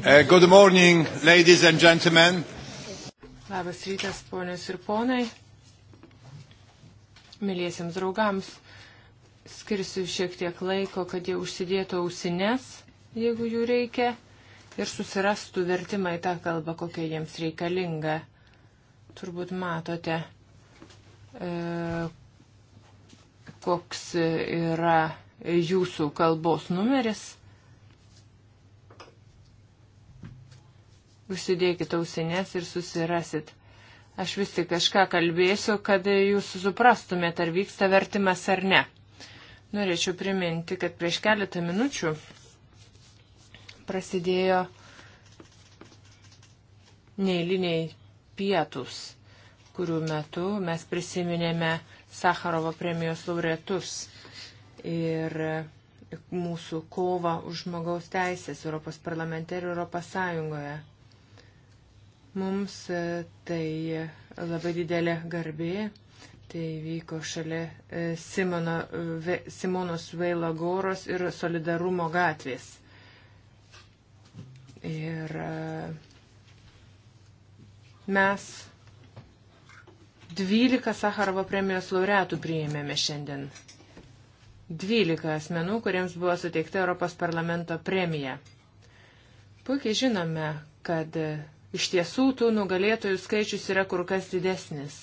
Uh, good morning, ladies and gentlemen. Labas rytas, ponios ir ponai. Mėlysiams draugams, skirsiu šiek tiek laiko, kad jie užsidėtų ausines, jeigu jų reikia, ir susirastų vertimą į tą kalbą, kokia jiems reikalinga. Turbūt matote, e, koks yra jūsų kalbos numeris užsidėkite ausinės ir susirasit. Aš vis tik kažką kalbėsiu, kad jūs suprastumėte, ar vyksta vertimas ar ne. Norėčiau priminti, kad prieš keletą minučių prasidėjo neįliniai pietus, kurių metu mes prisiminėme Sakarovo premijos laureatus ir mūsų kovą už žmogaus teisės Europos parlamente ir Europos Sąjungoje. Mums e, tai labai didelė garbė. Tai vyko šalia e, Simono, Simonos Veilagoros ir Solidarumo gatvės. Ir e, mes 12 Sakarovo premijos laureatų priėmėme šiandien. 12 asmenų, kuriems buvo suteikta Europos parlamento premija. Puikiai žinome, kad Iš tiesų, tų nugalėtojų skaičius yra kur kas didesnis,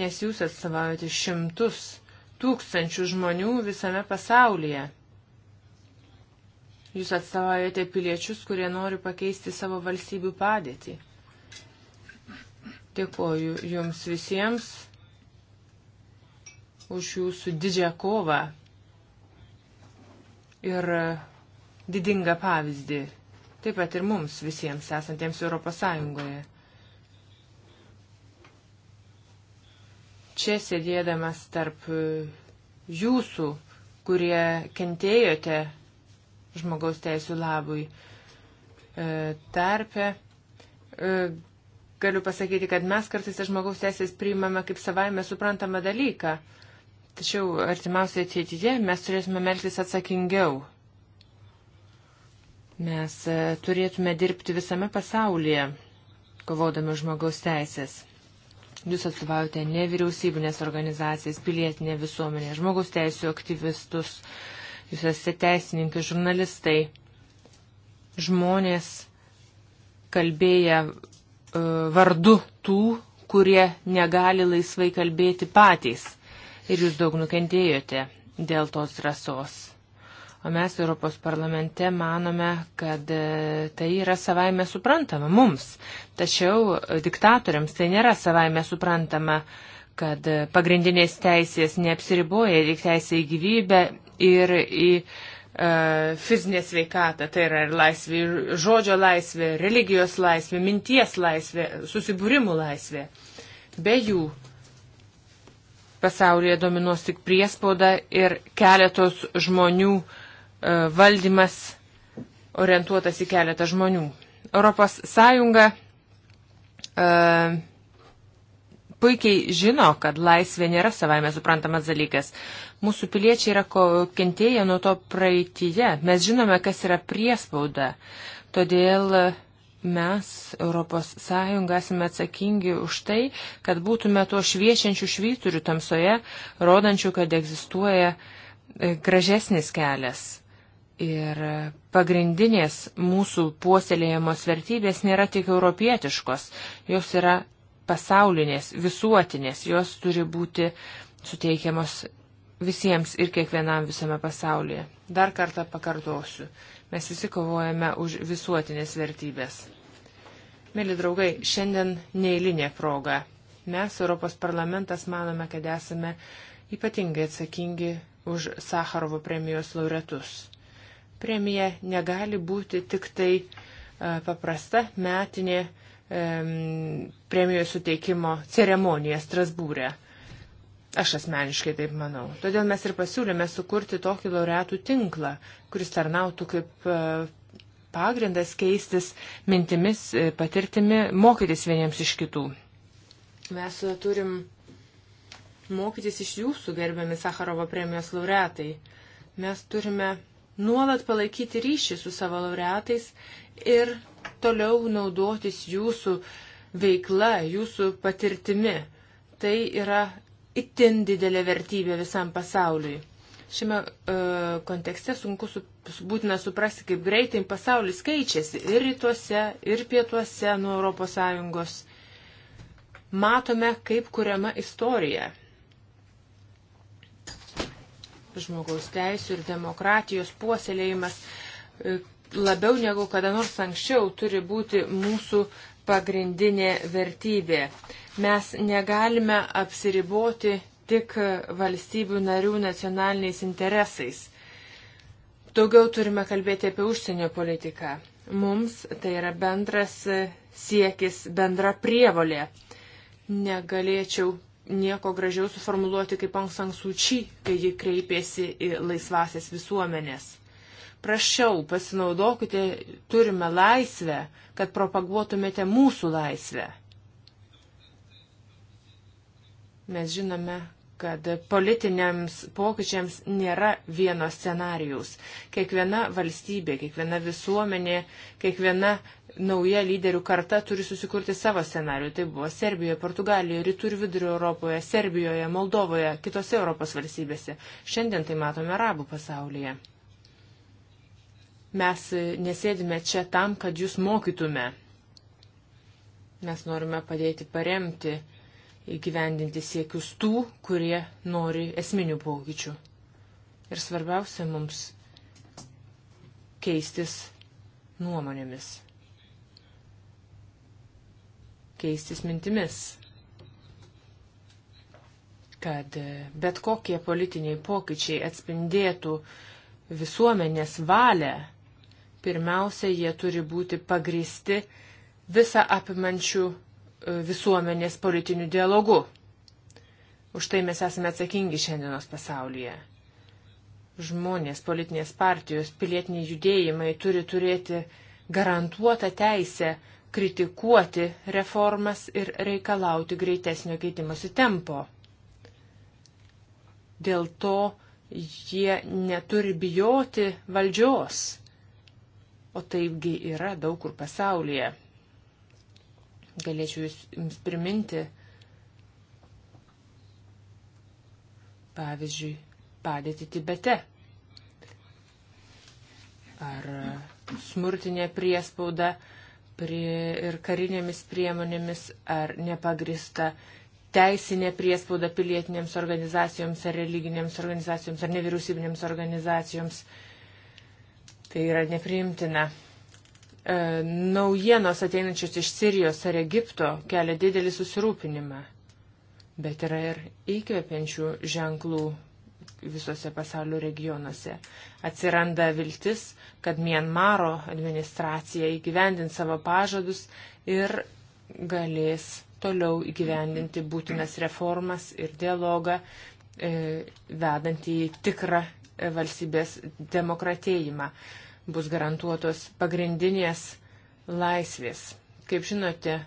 nes jūs atstovaujate šimtus tūkstančių žmonių visame pasaulyje. Jūs atstovaujate piliečius, kurie nori pakeisti savo valstybių padėtį. Dėkoju jums visiems už jūsų didžią kovą ir didingą pavyzdį Taip pat ir mums visiems esantiems Europos Sąjungoje. Čia sėdėdamas tarp e, jūsų, kurie kentėjote žmogaus teisų labui e, tarpe, e, galiu pasakyti, kad mes kartais žmogaus teisės priimame kaip savaime suprantamą dalyką. Tačiau artimiausiai ateityje mes turėsime melktis atsakingiau Mes e, turėtume dirbti visame pasaulyje, kovodami žmogaus teisės. Jūs atstovaujate nevyriausybinės organizacijas, pilietinė visuomenė, žmogaus teisų aktyvistus, jūs esate teisininkai, žurnalistai, žmonės kalbėję e, vardu tų, kurie negali laisvai kalbėti patys. Ir jūs daug nukentėjote dėl tos drąsos. O mes Europos parlamente manome, kad e, tai yra savaime suprantama mums. Tačiau diktatoriams tai nėra savaime suprantama, kad pagrindinės teisės neapsiriboja tik teisė į gyvybę ir į e, fizinė sveikata, tai yra ir laisvė, ir žodžio laisvė, religijos laisvė, minties laisvė, susibūrimų laisvė. Be jų pasaulyje dominuos tik priespauda ir keletos žmonių uh, E, valdymas orientuotas į keletą žmonių. Europos Sąjunga e, puikiai žino, kad laisvė nėra savaime suprantamas dalykas. Mūsų piliečiai yra kentėję nuo to praeitįje. Mes žinome, kas yra priespauda. Todėl mes, ES, esame atsakingi už tai, kad būtume tuo šviešiančių švyturių tamsoje, rodančių, kad egzistuoja e, gražesnis kelias Ir pagrindinės mūsų puoselėjamos vertybės nėra tik europietiškos, jos yra pasaulinės, visuotinės, jos turi būti suteikiamos visiems ir kiekvienam visame pasaulyje. Dar kartą pakartosiu, mes visi kovojame už visuotinės vertybės. Mėly draugai, šiandien neįlinė proga. Mes, Europos parlamentas, manome, kad esame ypatingai atsakingi už Sakarovo premijos laureatus Premija negali būti tik tai e, paprasta metinė premijos suteikimo ceremonija Strasbūrė. Aš asmeniškai taip manau. Todėl mes ir pasiūlėme sukurti tokį laureatų tinklą, kuris tarnautų kaip e, pagrindas keistis mintimis, e, patirtimi, mokytis vieniems iš kitų. Mes turim mokytis iš jūsų, gerbiami Sakarovo premijos laureatai. Mes turime nuolat palaikyti ryšį su savo laureatais ir toliau naudotis jūsų veikla, jūsų patirtimi. Tai yra itin didelė vertybė visam pasauliui. Šiame e, kontekste sunku su, būtina suprasti, kaip greitai pasaulis keičiasi ir rytuose, ir pietuose nuo ES. Matome, kaip kuriama istorija žmogaus teisų ir demokratijos puoselėjimas e, labiau negu kada nors anksčiau turi būti mūsų pagrindinė vertybė. Mes negalime apsiriboti tik valstybių narių nacionaliniais interesais. Daugiau turime kalbėti apie užsienio politiką. Mums tai yra bendras siekis, bendra prievolė. Negalėčiau nieko gražiau suformuluoti kaip Aung San Suu Kyi, kai ji kreipėsi į laisvasias visuomenės. Prašau, pasinaudokite, turime laisvę, kad propaguotumėte mūsų laisvę. Mes žinome, kad politiniams pokyčiams nėra vieno scenarijaus. Kiekviena valstybė, kiekviena visuomenė, kiekviena nauja lyderių karta turi susikurti savo scenarių. Tai buvo Serbijoje, Portugalijoje, Rytų ir Vidurio Europoje, Serbijoje, Moldovoje, kitose Europos valstybėse. Šiandien tai matome arabų pasaulyje. Mes nesėdime čia tam, kad jūs mokytume. Mes norime padėti paremti įgyvendinti siekius tų, kurie nori esminių pokyčių. Ir svarbiausia mums keistis nuomonėmis keistis mintimis, kad bet kokie politiniai pokyčiai atspindėtų visuomenės valią, pirmiausia, jie turi būti pagristi visą apimančių e, visuomenės politinių dialogų. Už tai mes esame atsakingi šiandienos pasaulyje. Žmonės, politinės partijos, pilietiniai judėjimai turi turėti garantuotą teisę kritikuoti reformas ir reikalauti greitesnio keitimosi tempo. Dėl to jie neturi bijoti valdžios, o taipgi yra daug kur pasaulyje. Galėčiau jums priminti, pavyzdžiui, padėti Tibete ar smurtinė priespauda prie ir karinėmis priemonėmis, ar nepagrista teisinė priespauda pilietinėms organizacijoms, ar religinėms organizacijoms, ar nevyriausybinėms organizacijoms. Tai yra nepriimtina. E, naujienos ateinančios iš Sirijos ar Egipto kelia didelį susirūpinimą. Bet yra ir įkvepiančių ženklų visose pasaulio regionuose. Atsiranda viltis, kad Mienmaro administracija įgyvendins savo pažadus ir galės toliau įgyvendinti būtinas reformas ir dialogą, e, vedant į tikrą valstybės demokratėjimą. Bus garantuotos pagrindinės laisvės. Kaip žinote,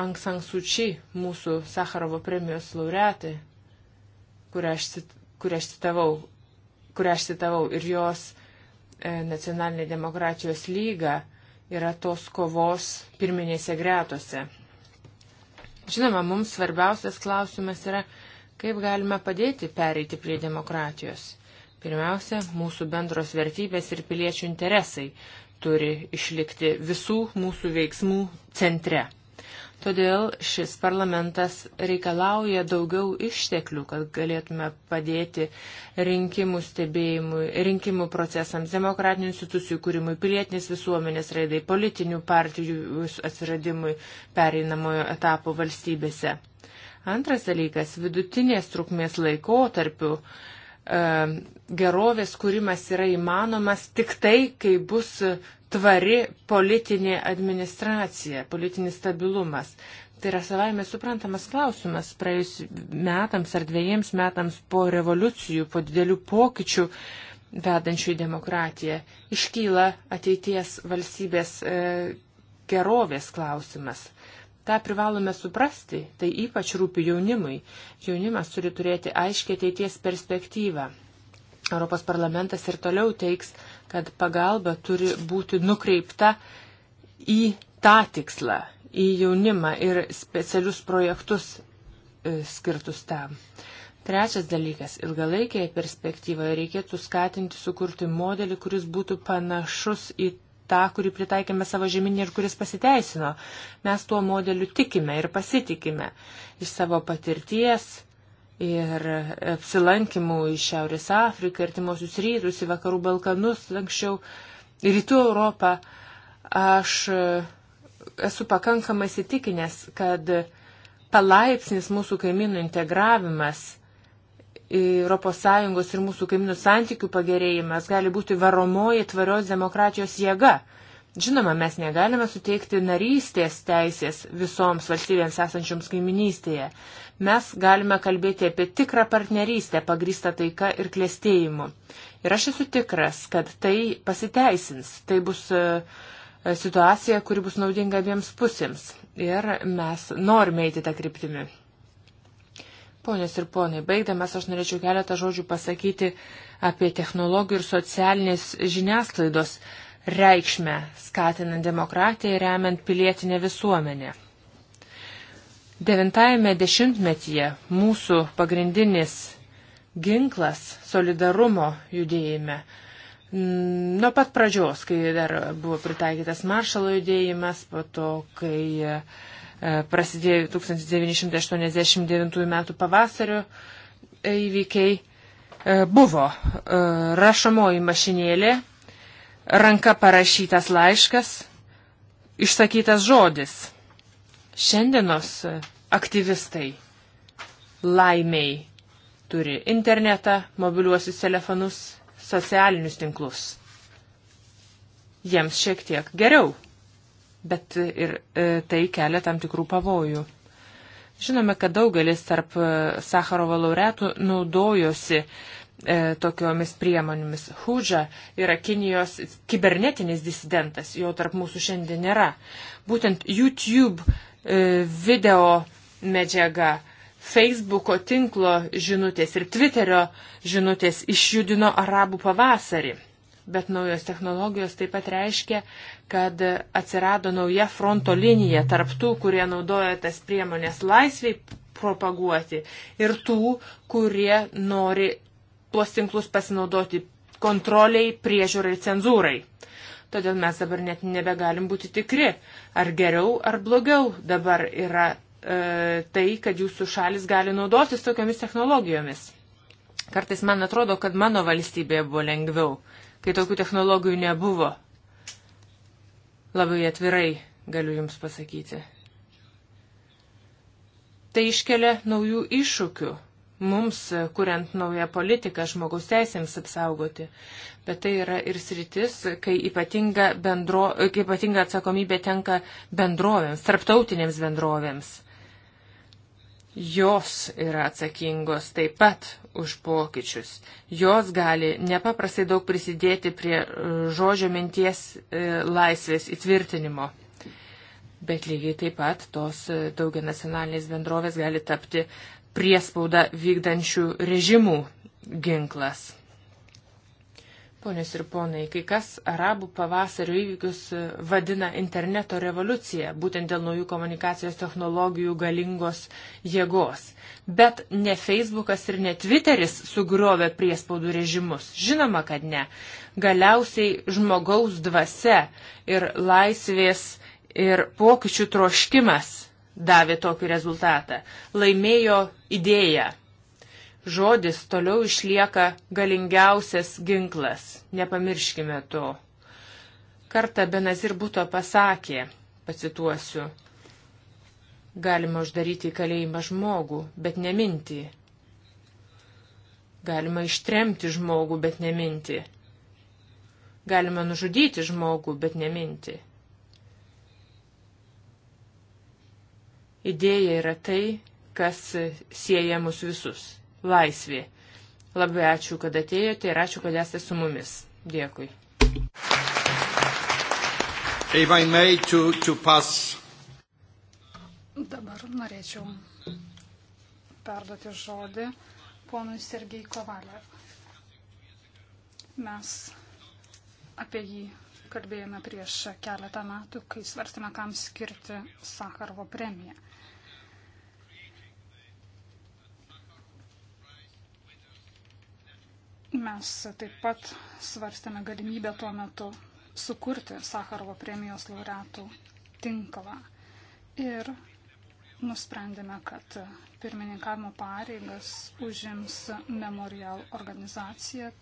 Anksansučiai, mūsų Sakarovo premijos laureatai, kurią aš, kurią aš, citavau, kurią aš citavau, ir jos e, nacionalinė demokratijos lyga yra tos kovos pirminėse gretose. Žinoma, mums svarbiausias klausimas yra, kaip galime padėti pereiti prie demokratijos. Pirmiausia, mūsų bendros vertybės ir piliečių interesai turi išlikti visų mūsų veiksmų centre. Todėl šis parlamentas reikalauja daugiau išteklių, kad galėtume padėti rinkimų stebėjimui, rinkimų procesams, demokratinių institucijų kūrimui, pilietinės visuomenės raidai, politinių partijų atsiradimui pereinamojo etapo valstybėse. Antras dalykas - vidutinės trukmės laikotarpių gerovės kūrimas yra įmanomas tik tai, kai bus tvari politinė administracija, politinis stabilumas. Tai yra savaime suprantamas klausimas. Praėjus metams ar dviejiems metams po revoliucijų, po didelių pokyčių vedančių į demokratiją, iškyla ateities valstybės e, gerovės klausimas. Ta privalome suprasti, tai ypač rūpi jaunimui. Jaunimas turi turėti aiškiai ateities perspektyvą. Europos parlamentas ir toliau teiks, kad pagalba turi būti nukreipta į tą tikslą, į jaunimą ir specialius projektus e, skirtus tam. Trečias dalykas - ilgalaikėje perspektyvoje reikėtų skatinti sukurti modelį, kuris būtų panašus į tą, kurį pritaikėme savo žemynį ir kuris pasiteisino. Mes tuo modeliu tikime ir pasitikime iš savo patirties ir apsilankimų į Šiaurės Afriką, artimuosius rytus, į vakarų Balkanus, anksčiau į rytų Europą. Aš esu pakankamai įsitikinęs, kad palaipsnis mūsų kaimynų integravimas ES ir mūsų kaiminių santykių pagerėjimas gali būti varomoji tvarios demokratijos jėga. Žinoma, mes negalime suteikti narystės teisės visoms valstybėms esančioms kaiminystėje. Mes galime kalbėti apie tikrą partnerystę pagrįstą taika ir klėstėjimu. Ir aš esu tikras, kad tai pasiteisins. Tai bus e, e, situacija, kuri bus naudinga abiems pusėms. Ir mes norime eiti tą kryptimį. Ponios ir ponai, baigdamas aš norėčiau keletą žodžių pasakyti apie technologijų ir socialinės žiniasklaidos reikšmę, skatinant demokratiją ir remiant pilietinę visuomenę. Devintajame dešimtmetyje mūsų pagrindinis ginklas solidarumo judėjime Nuo pat pradžios, kai dar buvo pritaikytas maršalo judėjimas, po to, kai E, prasidėjo 1989 m. pavasario e, įvykiai, e, buvo rašomoji mašinėlė, ranka parašytas laiškas, išsakytas žodis. Šiandienos aktyvistai laimiai turi internetą, mobiliuosius telefonus, socialinius tinklus. Jiems šiek tiek geriau bet ir e, tai kelia tam tikrų pavojų. Žinome, kad daugelis tarp e, Sakarovo laureatų naudojosi e, tokiomis priemonėmis. Hudža yra Kinijos kibernetinis disidentas, jo tarp mūsų šiandien nėra. Būtent YouTube e, video medžiaga, Facebooko tinklo žinutės ir Twitterio žinutės išjudino arabų pavasarį bet naujos technologijos taip pat reiškia, kad atsirado nauja fronto linija tarp tų, kurie naudoja tas priemonės laisviai propaguoti ir tų, kurie nori tuos tinklus pasinaudoti kontroliai, priežiūrai, cenzūrai. Todėl mes dabar net nebegalim būti tikri, ar geriau ar blogiau dabar yra e, tai, kad jūsų šalis gali naudotis tokiamis technologijomis. Kartais man atrodo, kad mano valstybėje buvo lengviau kai tokių technologijų nebuvo. Labai atvirai galiu Jums pasakyti. Tai iškelia naujų iššūkių mums, kuriant naują politiką žmogaus teisėms apsaugoti. Bet tai yra ir sritis, kai ypatinga, bendro, kai ypatinga atsakomybė tenka bendrovėms, tarptautinėms bendrovėms. Jos yra atsakingos taip pat už pokyčius. Jos gali nepaprastai daug prisidėti prie e, žodžio minties e, laisvės įtvirtinimo. Bet lygiai taip pat tos e, daugia nacionalinės bendrovės gali tapti priespaudą vykdančių režimų ginklas. Ponios ir ponai, kai kas arabų pavasario įvykius vadina interneto revoliucija, būtent dėl naujų komunikacijos technologijų galingos jėgos. Bet ne Facebookas ir ne Twitteris sugriovė priespaudų režimus. Žinoma, kad ne. Galiausiai žmogaus dvasia ir laisvės ir pokyčių troškimas davė tokį rezultatą. Laimėjo idėja žodis toliau išlieka galingiausias ginklas. Nepamirškime to. Kartą Benazir Buto pasakė, pacituosiu, galima uždaryti kalėjimą žmogų, bet neminti. Galima ištremti žmogų, bet neminti. Galima nužudyti žmogų, bet neminti. Idėja yra tai, kas sieja mus visus laisvė. Labai ačiū, kad atėjote ir ačiū, kad esate su mumis. Dėkui. To, to Dabar norėčiau perduoti žodį ponui Sergei Kovalev. Mes apie jį kalbėjome prieš keletą metų, kai svarstėme, kam skirti Sakarovo premiją. Mes taip pat svarstėme galimybę tuo metu sukurti Sakarovo premijos laureatų tinklą. Ir nusprendėme, kad pirmininkavimo pareigas užims Memorial organizacija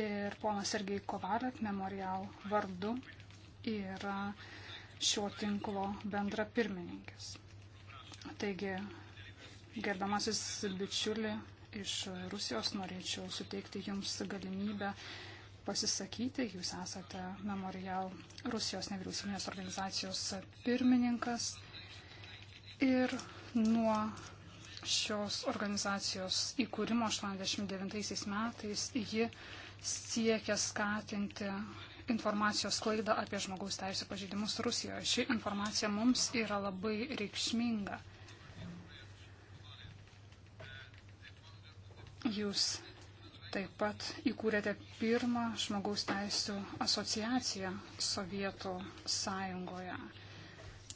ir ponas Sergei Kovalek Memorial vardu yra šio tinklo bendra pirmininkis. Taigi, gerbamasis bičiuli, iš Rusijos. Norėčiau suteikti Jums galimybę pasisakyti. Jūs esate Memorial Rusijos nevyriausybinės organizacijos pirmininkas. Ir nuo šios organizacijos įkūrimo 89 metais ji siekia skatinti informacijos sklaidą apie žmogaus teisų pažeidimus Rusijoje. Ši informacija mums yra labai reikšminga. Jūs taip pat įkūrėte pirmą žmogaus teisų asociaciją Sovietų sąjungoje.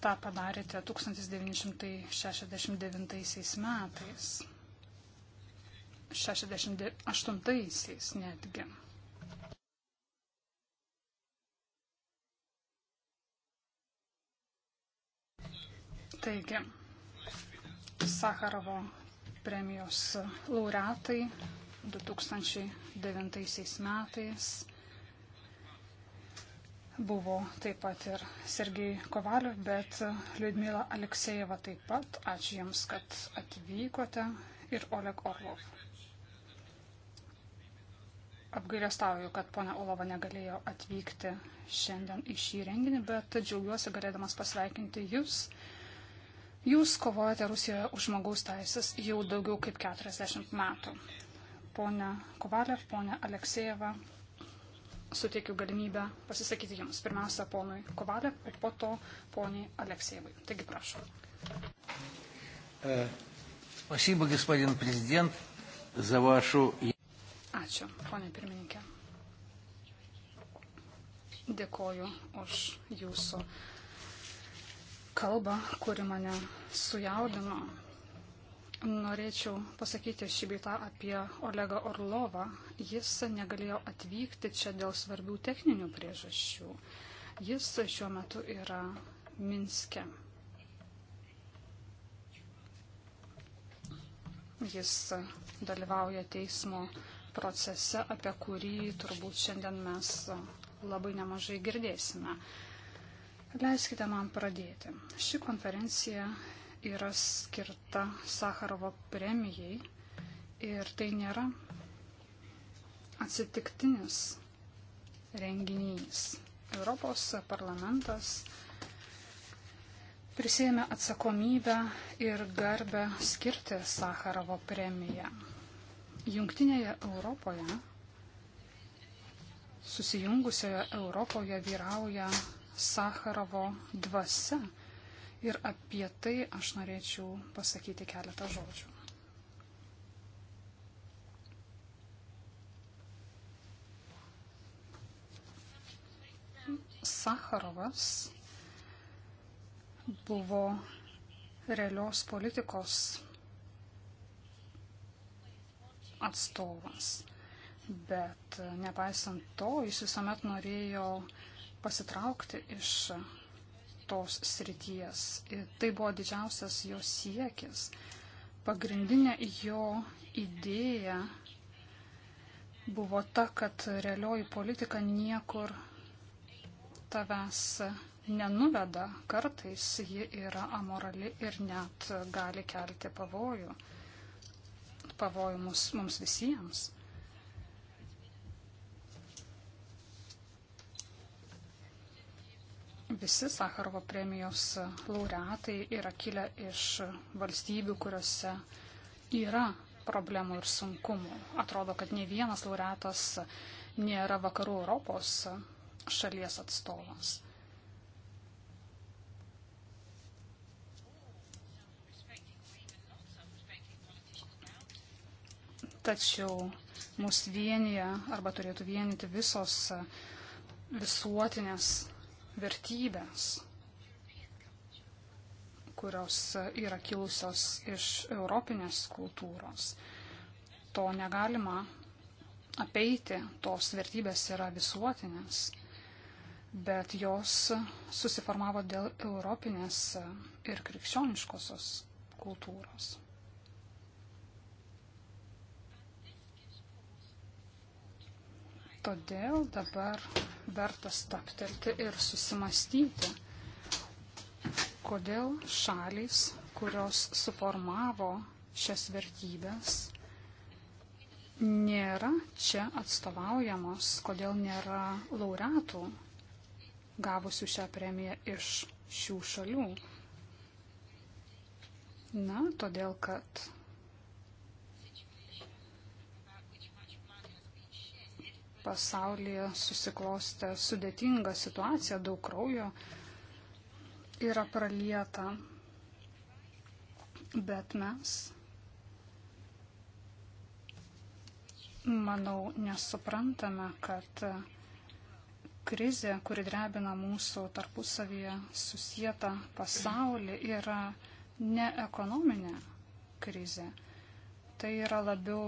Ta padarėte 1969 metais. 68-aisiais netgi. Taigi, Sakarovo premijos laureatai 2009 metais. Buvo taip pat ir Sergei Kovaliu, bet Liudmila Aleksejeva taip pat. Ačiū Jums, kad atvykote ir Oleg Orlov. Apgailestauju, kad ponia Olova negalėjo atvykti šiandien į šį renginį, bet džiaugiuosi galėdamas pasveikinti Jūs Jūs kovojate Rusijoje už žmogaus teisės jau daugiau kaip 40 metų. Pone Kovalev, pone Aleksejeva, suteikiu galimybę pasisakyti jums. Pirmiausia, ponui Kovalev ir po to poniai Aleksejevai. Taigi prašau. Спасибо, господин президент, за вашу... Ačiū, ponė pirmininkė. Dėkoju už jūsų kalbą, kuri mane sujaudino. Norėčiau pasakyti šį beitą apie Olegą Orlovą. Jis negalėjo atvykti čia dėl svarbių techninių priežasčių. Jis šiuo metu yra Minske. Jis dalyvauja teismo procese, apie kurį turbūt šiandien mes labai nemažai girdėsime. Leiskite man pradėti. Ši konferencija yra skirta Sakarovo premijai ir tai nėra atsitiktinis renginys. Europos parlamentas prisėmė atsakomybę ir garbę skirti Sakarovo premiją. Jungtinėje Europoje, susijungusioje Europoje vyrauja Sakarovo dvasia. Ir apie tai aš norėčiau pasakyti keletą žodžių. Sakarovas buvo realios politikos atstovas. Bet nepaisant to, jis visuomet norėjo pasitraukti iš tos srities. Ir tai buvo didžiausias jo siekis. Pagrindinė jo idėja buvo ta, kad realioji politika niekur tavęs nenuveda. Kartais ji yra amorali ir net gali kelti pavojų. Pavojų mums, mums visiems. Visi Sakarovo premijos laureatai yra kilę iš valstybių, kuriuose yra problemų ir sunkumų. Atrodo, kad ne vienas laureatas nėra vakarų Europos šalies atstovas. Tačiau mus vienyje arba turėtų vienyti visos visuotinės vertybės, kurios yra kilusios iš europinės kultūros. To negalima apeiti, tos vertybės yra visuotinės, bet jos susiformavo dėl europinės ir krikščioniškosios kultūros. Todėl dabar verta staptelti ir susimastyti, kodėl šalys, kurios suformavo šias vertybės, nėra čia atstovaujamos, kodėl nėra laureatų gavusių šią premiją iš šių šalių. Na, todėl, kad pasaulyje susiklostė sudėtinga situacija, daug kraujo yra pralieta, bet mes, manau, nesuprantame, kad krizė, kuri drebina mūsų tarpusavyje susijęta pasaulį, yra ne ekonominė krizė. Tai yra labiau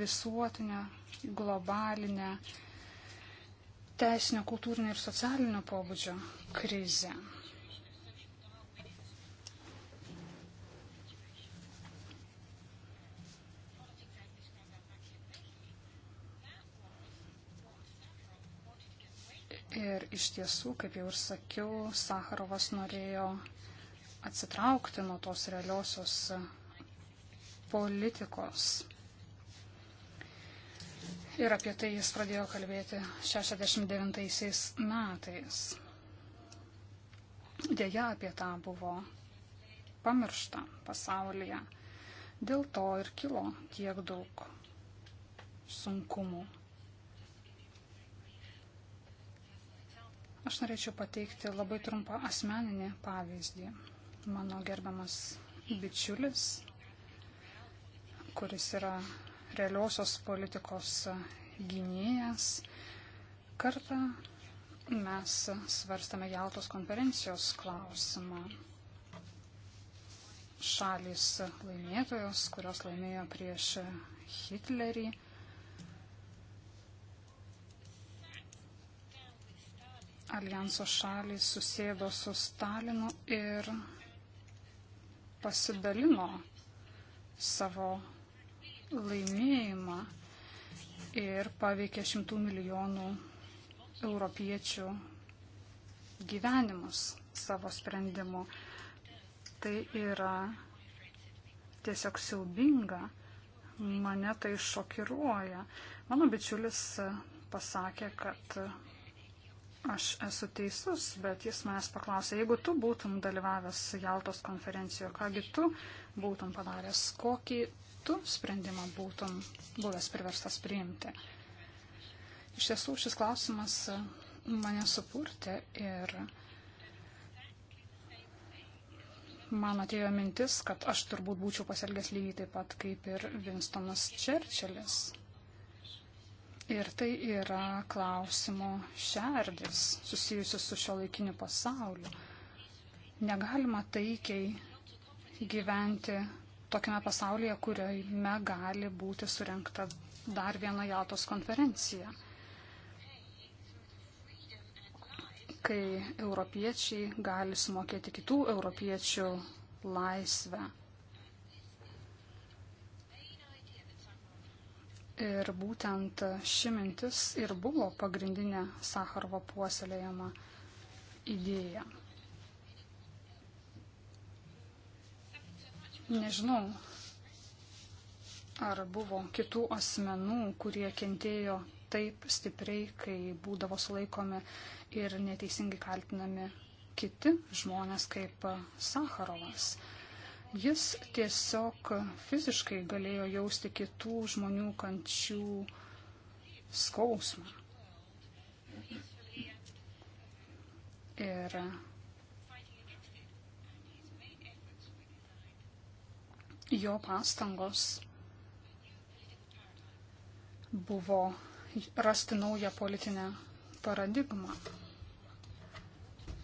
visuotinė globalinę teisinio, kultūrinio ir socialinio pobūdžio krizę. Ir iš tiesų, kaip jau ir sakiau, Sakarovas norėjo atsitraukti nuo tos realiosios politikos. Ir apie tai jis pradėjo kalbėti 69 metais. Dėja apie tą buvo pamiršta pasaulyje. Dėl to ir kilo tiek daug sunkumų. Aš norėčiau pateikti labai trumpą asmeninį pavyzdį. Mano gerbiamas bičiulis, kuris yra realiosios politikos gynėjas. Kartą mes svarstame Jaltos konferencijos klausimą. Šalis laimėtojos, kurios laimėjo prieš Hitlerį. Alijanso šalys susėdo su Stalinu ir pasidalino savo laimėjimą ir paveikė šimtų milijonų europiečių gyvenimus savo sprendimu. Tai yra tiesiog siaubinga, mane tai šokiruoja. Mano bičiulis pasakė, kad aš esu teisus, bet jis manęs paklausė, jeigu tu būtum dalyvavęs Jaltos konferencijoje, kągi tu būtum padaręs, kokį kitų sprendimą būtum buvęs priverstas priimti. Iš tiesų šis klausimas mane supurtė ir man atėjo mintis, kad aš turbūt būčiau pasielgęs lygiai taip pat kaip ir Winstonas Čerčilis. Ir tai yra klausimo šerdis susijusius su šio laikiniu pasauliu. Negalima taikiai gyventi tokiame pasaulyje, kuriame gali būti surinkta dar viena Jaltos konferencija. Kai europiečiai gali sumokėti kitų europiečių laisvę. Ir būtent ši mintis ir buvo pagrindinė Sakarovo puoselėjama idėja. Nežinau, ar buvo kitų asmenų, kurie kentėjo taip stipriai, kai būdavo sulaikomi ir neteisingai kaltinami kiti žmonės kaip Sakarovas. Jis tiesiog fiziškai galėjo jausti kitų žmonių kančių skausmą. Ir jo pastangos buvo rasti naują politinę paradigmą.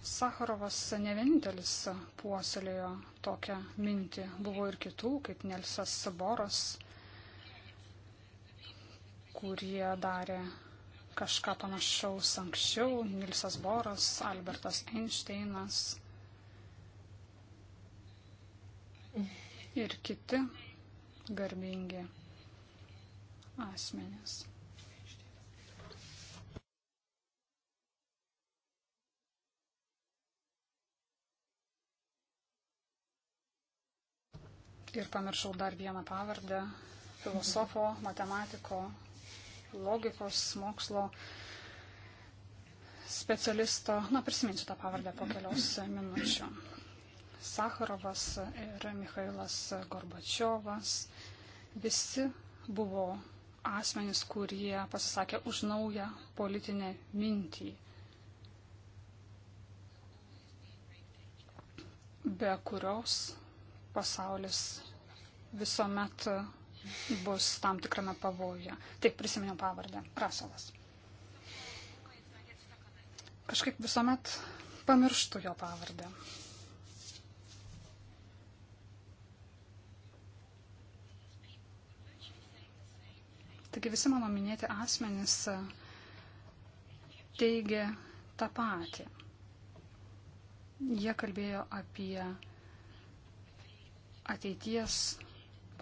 Sakarovas ne vienintelis puoselėjo tokią mintį, buvo ir kitų, kaip Nelsas Saboras, kurie darė kažką panašaus anksčiau, Nilsas Boras, Albertas Einšteinas. ir kiti garbingi asmenys. Ir pamiršau dar vieną pavardę - filosofo, matematiko, logikos, mokslo specialisto. Na, prisiminsiu tą pavardę po kelios minučių. Sakarovas ir Mikhailas Gorbačiovas. Visi buvo asmenys, kurie pasisakė už naują politinę mintį, be kurios pasaulis visuomet bus tam tikrame pavojuje. Taip prisiminiau pavardę - Rasovas kažkaip visuomet pamirštu jo pavardę. Taigi visi mano minėti asmenys e, teigia tą patį. Jie kalbėjo apie ateities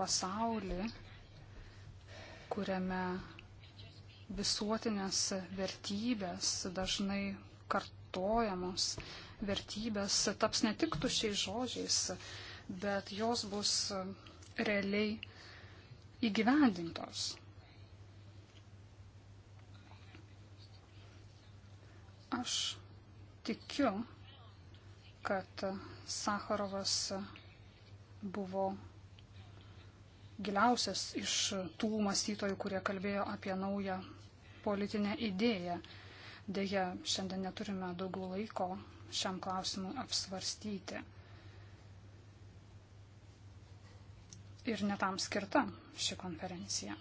pasaulį, kuriame visuotinės vertybės dažnai kartojamos vertybės taps ne tik tušiais žodžiais, bet jos bus realiai įgyvendintos. Aš tikiu, kad Sakarovas buvo giliausias iš tų mąstytojų, kurie kalbėjo apie naują politinę idėją. Deja, šiandien neturime daugiau laiko šiam klausimui apsvarstyti. Ir netam skirta ši konferencija.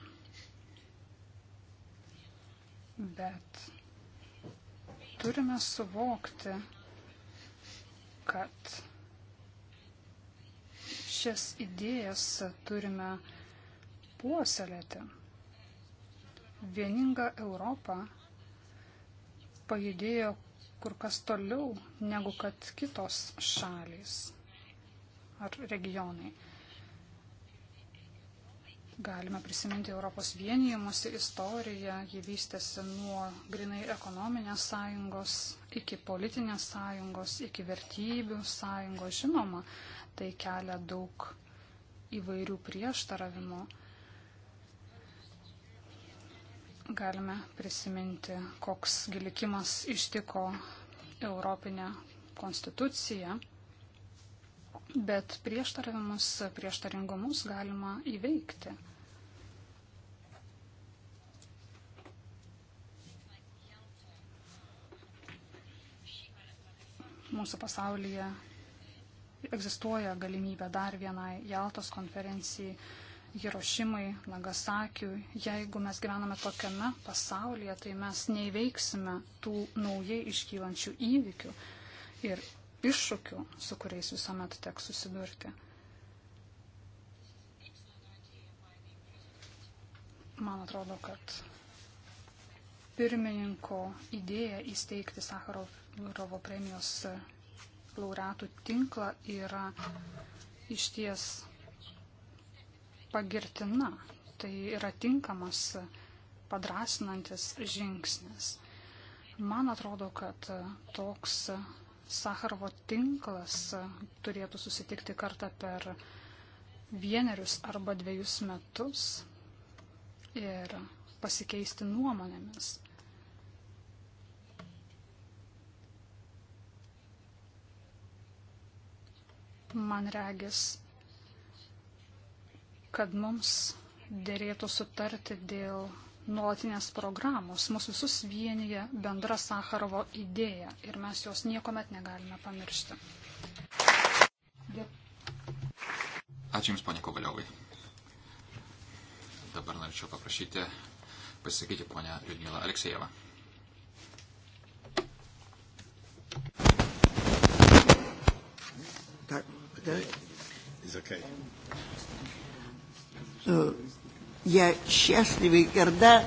Bet turime suvokti, kad šias idėjas turime puoselėti. Vieninga Europa pajudėjo kur kas toliau negu kad kitos šalys ar regionai. Galime prisiminti Europos vienijimusi istoriją, ji vystėsi nuo grinai ekonominės sąjungos iki politinės sąjungos, iki vertybių sąjungos. Žinoma, tai kelia daug įvairių prieštaravimų. Galime prisiminti, koks gilikimas ištiko Europinę konstituciją bet prieštaravimus, prieštaringumus galima įveikti. Mūsų pasaulyje egzistuoja galimybė dar vienai Jaltos konferencijai, Hirošimai, Nagasakiui. Jeigu mes gyvename tokiame pasaulyje, tai mes neįveiksime tų naujai iškylančių įvykių. Ir iššūkių, su kuriais visuomet teks susidurti. Man atrodo, kad pirmininko idėja įsteigti Sakarovo premijos laureatų tinklą yra iš ties pagirtina. Tai yra tinkamas padrasinantis žingsnis. Man atrodo, kad toks Sakarovo tinklas turėtų susitikti kartą per vienerius arba dviejus metus ir pasikeisti nuomonėmis. Man regis, kad mums dėrėtų sutarti dėl nuolatinės programos. Mūsų visus vienyje bendra Sakarovo idėja ir mes jos niekuomet negalime pamiršti. Ačiū Jums, ponė Kovaliovai. Dabar norėčiau paprašyti pasisakyti ponę Liudmilą Aleksejevą. Tak, tak. It's okay. Uh, я счастливый и рда.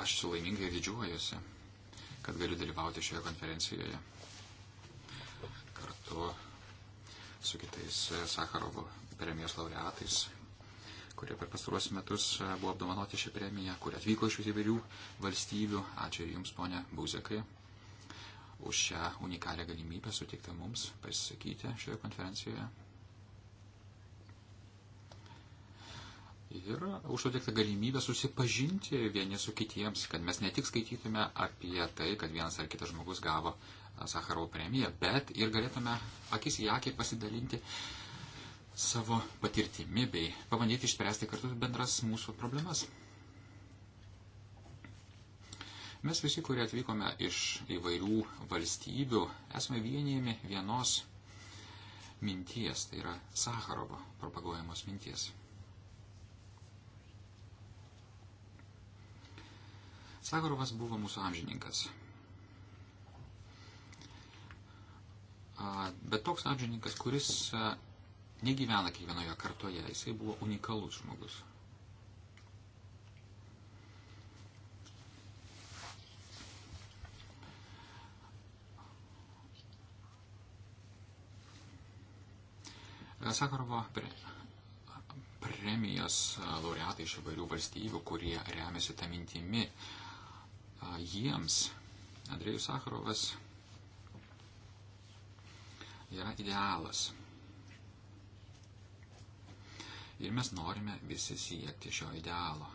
Aš laimingai didžiuojuosi, kad galiu dalyvauti šioje konferencijoje kartu su kitais e, Sakarovo premijos laureatais, kurie per pastaruosius metus e, buvo apdovanoti šią premiją, kurie atvyko iš įvairių valstybių. Ačiū Jums, ponė Buzekai, už šią unikalią galimybę suteiktą mums pasisakyti šioje konferencijoje. ir užsutikta galimybė susipažinti vieni su kitiems, kad mes ne tik skaitytume apie tai, kad vienas ar kitas žmogus gavo Sakarovo premiją, bet ir galėtume akis į akį pasidalinti savo patirtimi bei pabandyti išspręsti kartu bendras mūsų problemas. Mes visi, kurie atvykome iš įvairių valstybių, esame vienijami vienos minties, tai yra Sakarovo propaguojamos minties. Sagarovas buvo mūsų amžininkas. Bet toks amžininkas, kuris negyvena kiekvienoje kartoje, jisai buvo unikalus žmogus. Sakarovo pre, premijos laureatai iš įvairių valstybių, kurie remiasi tą mintimi, jiems Andrėjus Sakarovas yra idealas. Ir mes norime visi siekti šio idealo.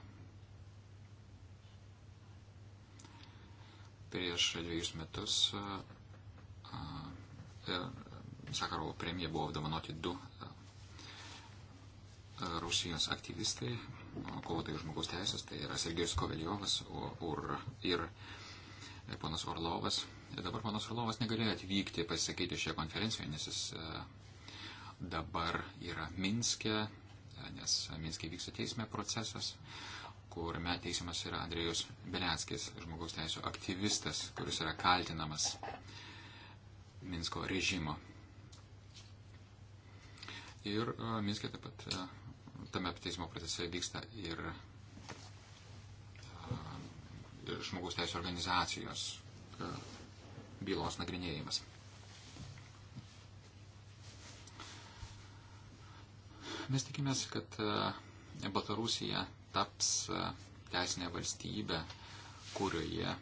Prieš dviejus metus e, Sakarovo premija buvo apdovanoti du Rusijos aktyvistai kovotojai žmogaus teisės, tai yra Sergejus Koveliovas ur, ir e, ponas Orlovas. Ir dabar ponas Orlovas negalėjo atvykti pasisakyti šioje konferencijoje, nes jis e, dabar yra Minske, e, nes Minske vyksta teisme procesas, kuriame teisimas yra Andrėjus Beleckis, žmogaus teisų aktyvistas, kuris yra kaltinamas Minsko režimo. Ir Minske taip pat tame teismo procese vyksta ir, ir žmogaus teisų organizacijos bylos nagrinėjimas. Mes tikimės, kad Baltarusija taps teisinė valstybė, kurioje,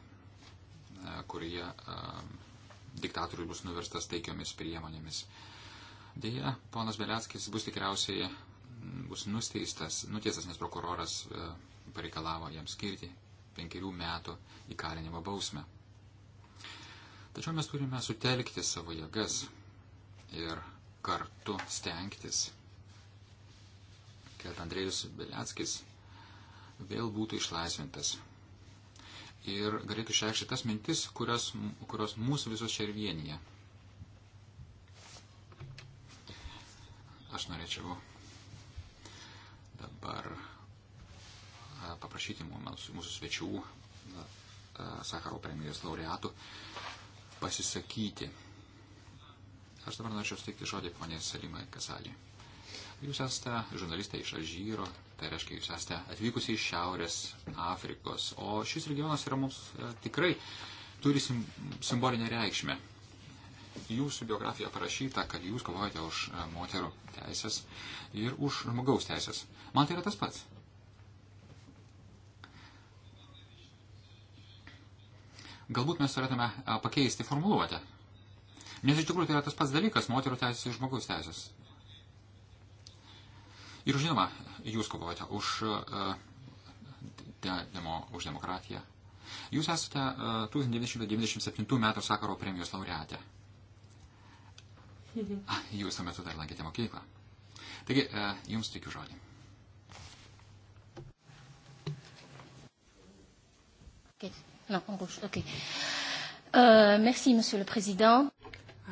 kurioje diktatorius bus nuverstas taikiomis priemonėmis. Deja, ponas Beliackis bus tikriausiai bus nusteistas, nutiestas, nes prokuroras e, pareikalavo jam skirti penkerių metų įkalinimo bausmę. Tačiau mes turime sutelkti savo jėgas ir kartu stengtis, kad Andrėjus Beliackis vėl būtų išlaisvintas ir galėtų išreikšti tas mintis, kurios, kurios mūsų visos šervienyje. Aš norėčiau dabar paprašyti mūsų svečių Sakaro premijos laureatų pasisakyti. Aš dabar norėčiau steikti žodį ponė Salimai Kasalį. Jūs esate žurnalistė iš Alžyro, tai reiškia, jūs esate atvykusi iš Šiaurės Afrikos, o šis regionas yra mums tikrai turi sim, simbolinę reikšmę jūsų biografijoje parašyta, kad jūs kovojate už e, moterų teisės ir už žmogaus teisės. Man tai yra tas pats. Galbūt mes turėtume e, pakeisti formuluotę. Nes iš tikrųjų tai yra tas pats dalykas - moterų teisės ir žmogaus teisės. Ir žinoma, jūs kovojate už, e, de, demo, už demokratiją. Jūs esate 1997 metų Sakaro premijos laureatė. Jūs tuo metu dar lankėte mokyklą. Taigi, e, jums tikiu žodį. Okay. No, okay. uh, merci,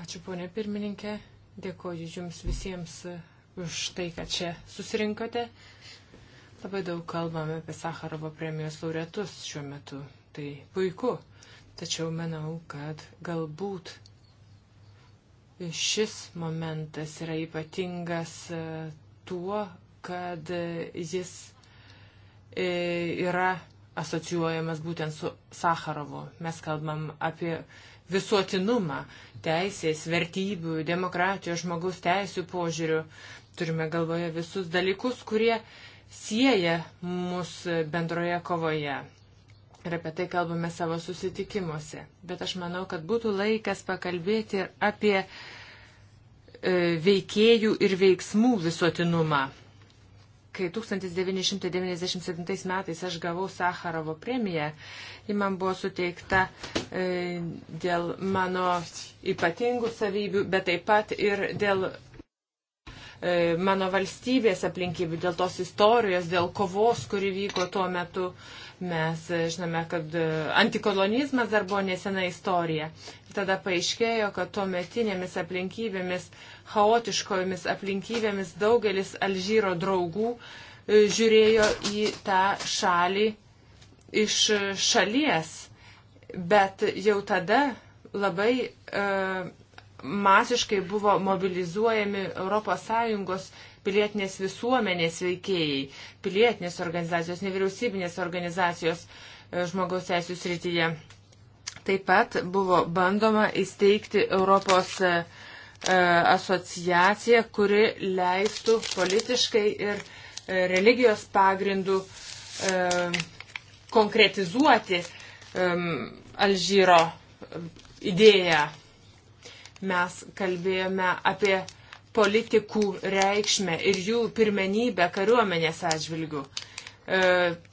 Ačiū, ponė pirmininkė. Dėkoju Jums visiems e, už tai, kad čia susirinkote. Labai daug kalbame apie Sakarovo premijos laureatus šiuo metu. Tai puiku. Tačiau manau, kad galbūt Šis momentas yra ypatingas e, tuo, kad e, jis e, yra asocijuojamas būtent su Sakarovu. Mes kalbam apie visuotinumą teisės, vertybių, demokratijos, žmogaus teisų požiūrių. Turime galvoje visus dalykus, kurie sieja mus bendroje kovoje. Ir apie tai kalbame savo susitikimuose. Bet aš manau, kad būtų laikas pakalbėti ir apie E, veikėjų ir veiksmų visuotinumą. Kai 1997 metais aš gavau Sakarovo premiją, ji man buvo suteikta e, dėl mano ypatingų savybių, bet taip pat ir dėl e, mano valstybės aplinkybių, dėl tos istorijos, dėl kovos, kuri vyko tuo metu. Mes e, žinome, kad e, antikolonizmas dar buvo nesena istorija. Tada paaiškėjo, kad tuo metinėmis aplinkybėmis, chaotiškojomis aplinkybėmis daugelis Alžyro draugų e, žiūrėjo į tą šalį iš šalies. Bet jau tada labai e, masiškai buvo mobilizuojami ES pilietinės visuomenės veikėjai, pilietinės organizacijos, nevyriausybinės organizacijos e, žmogaus teisų srityje. Taip pat buvo bandoma įsteigti Europos e, e, asociaciją, kuri leistų politiškai ir e, religijos pagrindų konkretizuoti Alžyro idėją. Mes kalbėjome apie politikų reikšmę ir jų pirmenybę kariuomenės atžvilgių.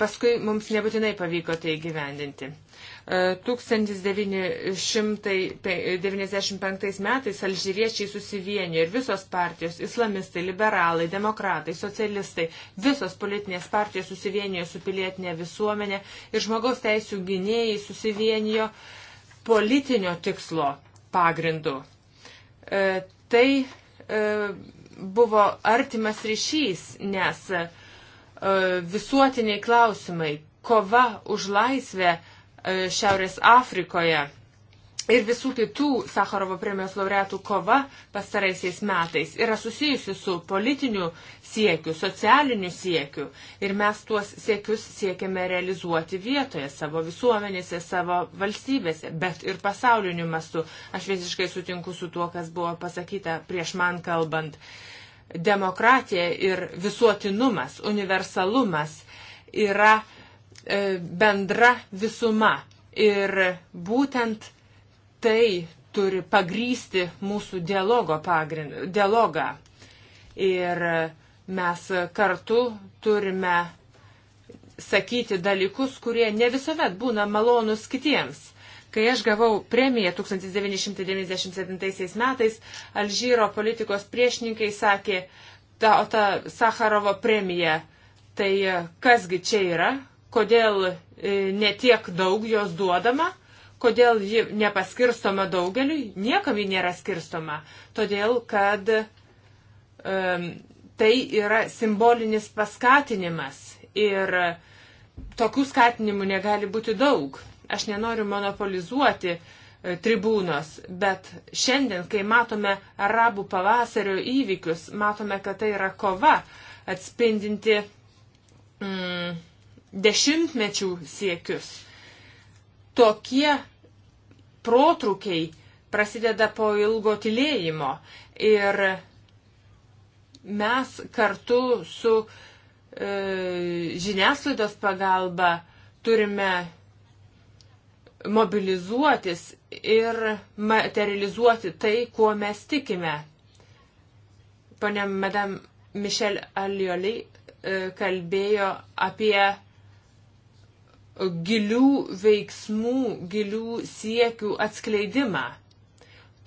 Paskui mums nebūtinai pavyko tai gyvendinti. 1995 metais alžyriečiai susivienijo ir visos partijos - islamistai, liberalai, demokratai, socialistai - visos politinės partijos susivienijo su pilietinė visuomenė ir žmogaus teisų gynėjai susivienijo politinio tikslo pagrindu. E, tai e, buvo artimas ryšys, nes e, visuotiniai klausimai, kova už laisvę, E, Šiaurės Afrikoje ir visų kitų Sakarovo premijos laureatų kova pastaraisiais metais yra susijusi su politiniu siekiu, socialiniu siekiu ir mes tuos siekius siekiame realizuoti vietoje, savo visuomenėse, savo valstybėse, bet ir pasauliniu mastu. Aš visiškai sutinku su tuo, kas buvo pasakyta prieš man kalbant. Demokratija ir visuotinumas, universalumas yra E, bendra visuma. Ir būtent tai turi pagrysti mūsų dialogo pagrindą, dialogą. Ir mes kartu turime sakyti dalykus, kurie ne visuomet būna malonus kitiems. Kai aš gavau premiją 1997 metais, Alžyro politikos priešininkai sakė, ta, o ta Sakarovo premija, tai e, kasgi čia yra, kodėl e, netiek daug jos duodama, kodėl ji nepaskirstoma daugeliui, niekam ji nėra skirstoma. Todėl, kad um, tai yra simbolinis paskatinimas ir tokių skatinimų negali būti daug. Aš nenoriu monopolizuoti e, tribūnos, bet šiandien, kai matome arabų pavasario įvykius, matome, kad tai yra kova atspindinti mm, dešimtmečių siekius. Tokie protrukiai prasideda po ilgo tylėjimo ir mes kartu su e, žiniasklaidos pagalba turime mobilizuotis ir materializuoti tai, kuo mes tikime. Pane Madame Michel Alioli e, kalbėjo apie gilių veiksmų, gilių siekių atskleidimą.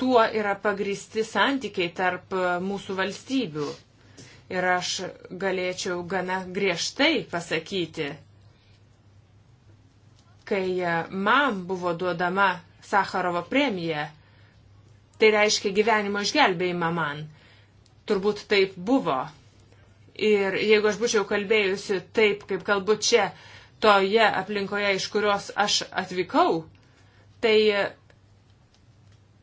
Tuo yra pagristi santykiai tarp mūsų valstybių. Ir aš galėčiau gana griežtai pasakyti, kai man buvo duodama Sakarovo premija, tai reiškia gyvenimo išgelbėjimą man. Turbūt taip buvo. Ir jeigu aš būčiau kalbėjusi taip, kaip kalbu čia, toje aplinkoje, iš kurios aš atvykau, tai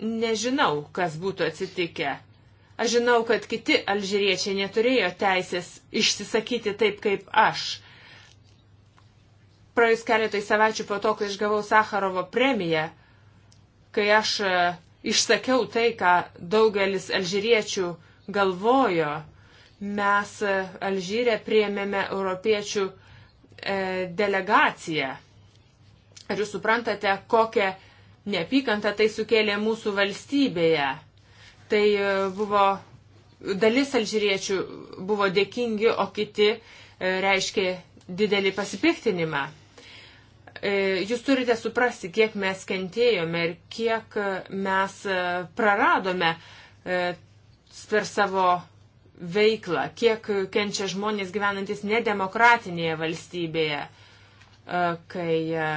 nežinau, kas būtų atsitikę. Aš žinau, kad kiti alžyriečiai neturėjo teisės išsisakyti taip, kaip aš. Praėjus keletai savaičių po to, kai išgavau Sakarovo premiją, kai aš e, išsakiau tai, ką daugelis alžyriečių galvojo, mes e, Alžyrė priėmėme europiečių uh, E, delegaciją. Ar jūs suprantate, kokią neapykantą tai sukėlė mūsų valstybėje? Tai e, buvo dalis alžyriečių buvo dėkingi, o kiti e, reiškė didelį pasipiktinimą. Jūs turite suprasti, kiek mes kentėjome ir kiek mes praradome per savo veiklą, kiek kenčia žmonės gyvenantis nedemokratinėje valstybėje, e, kai e,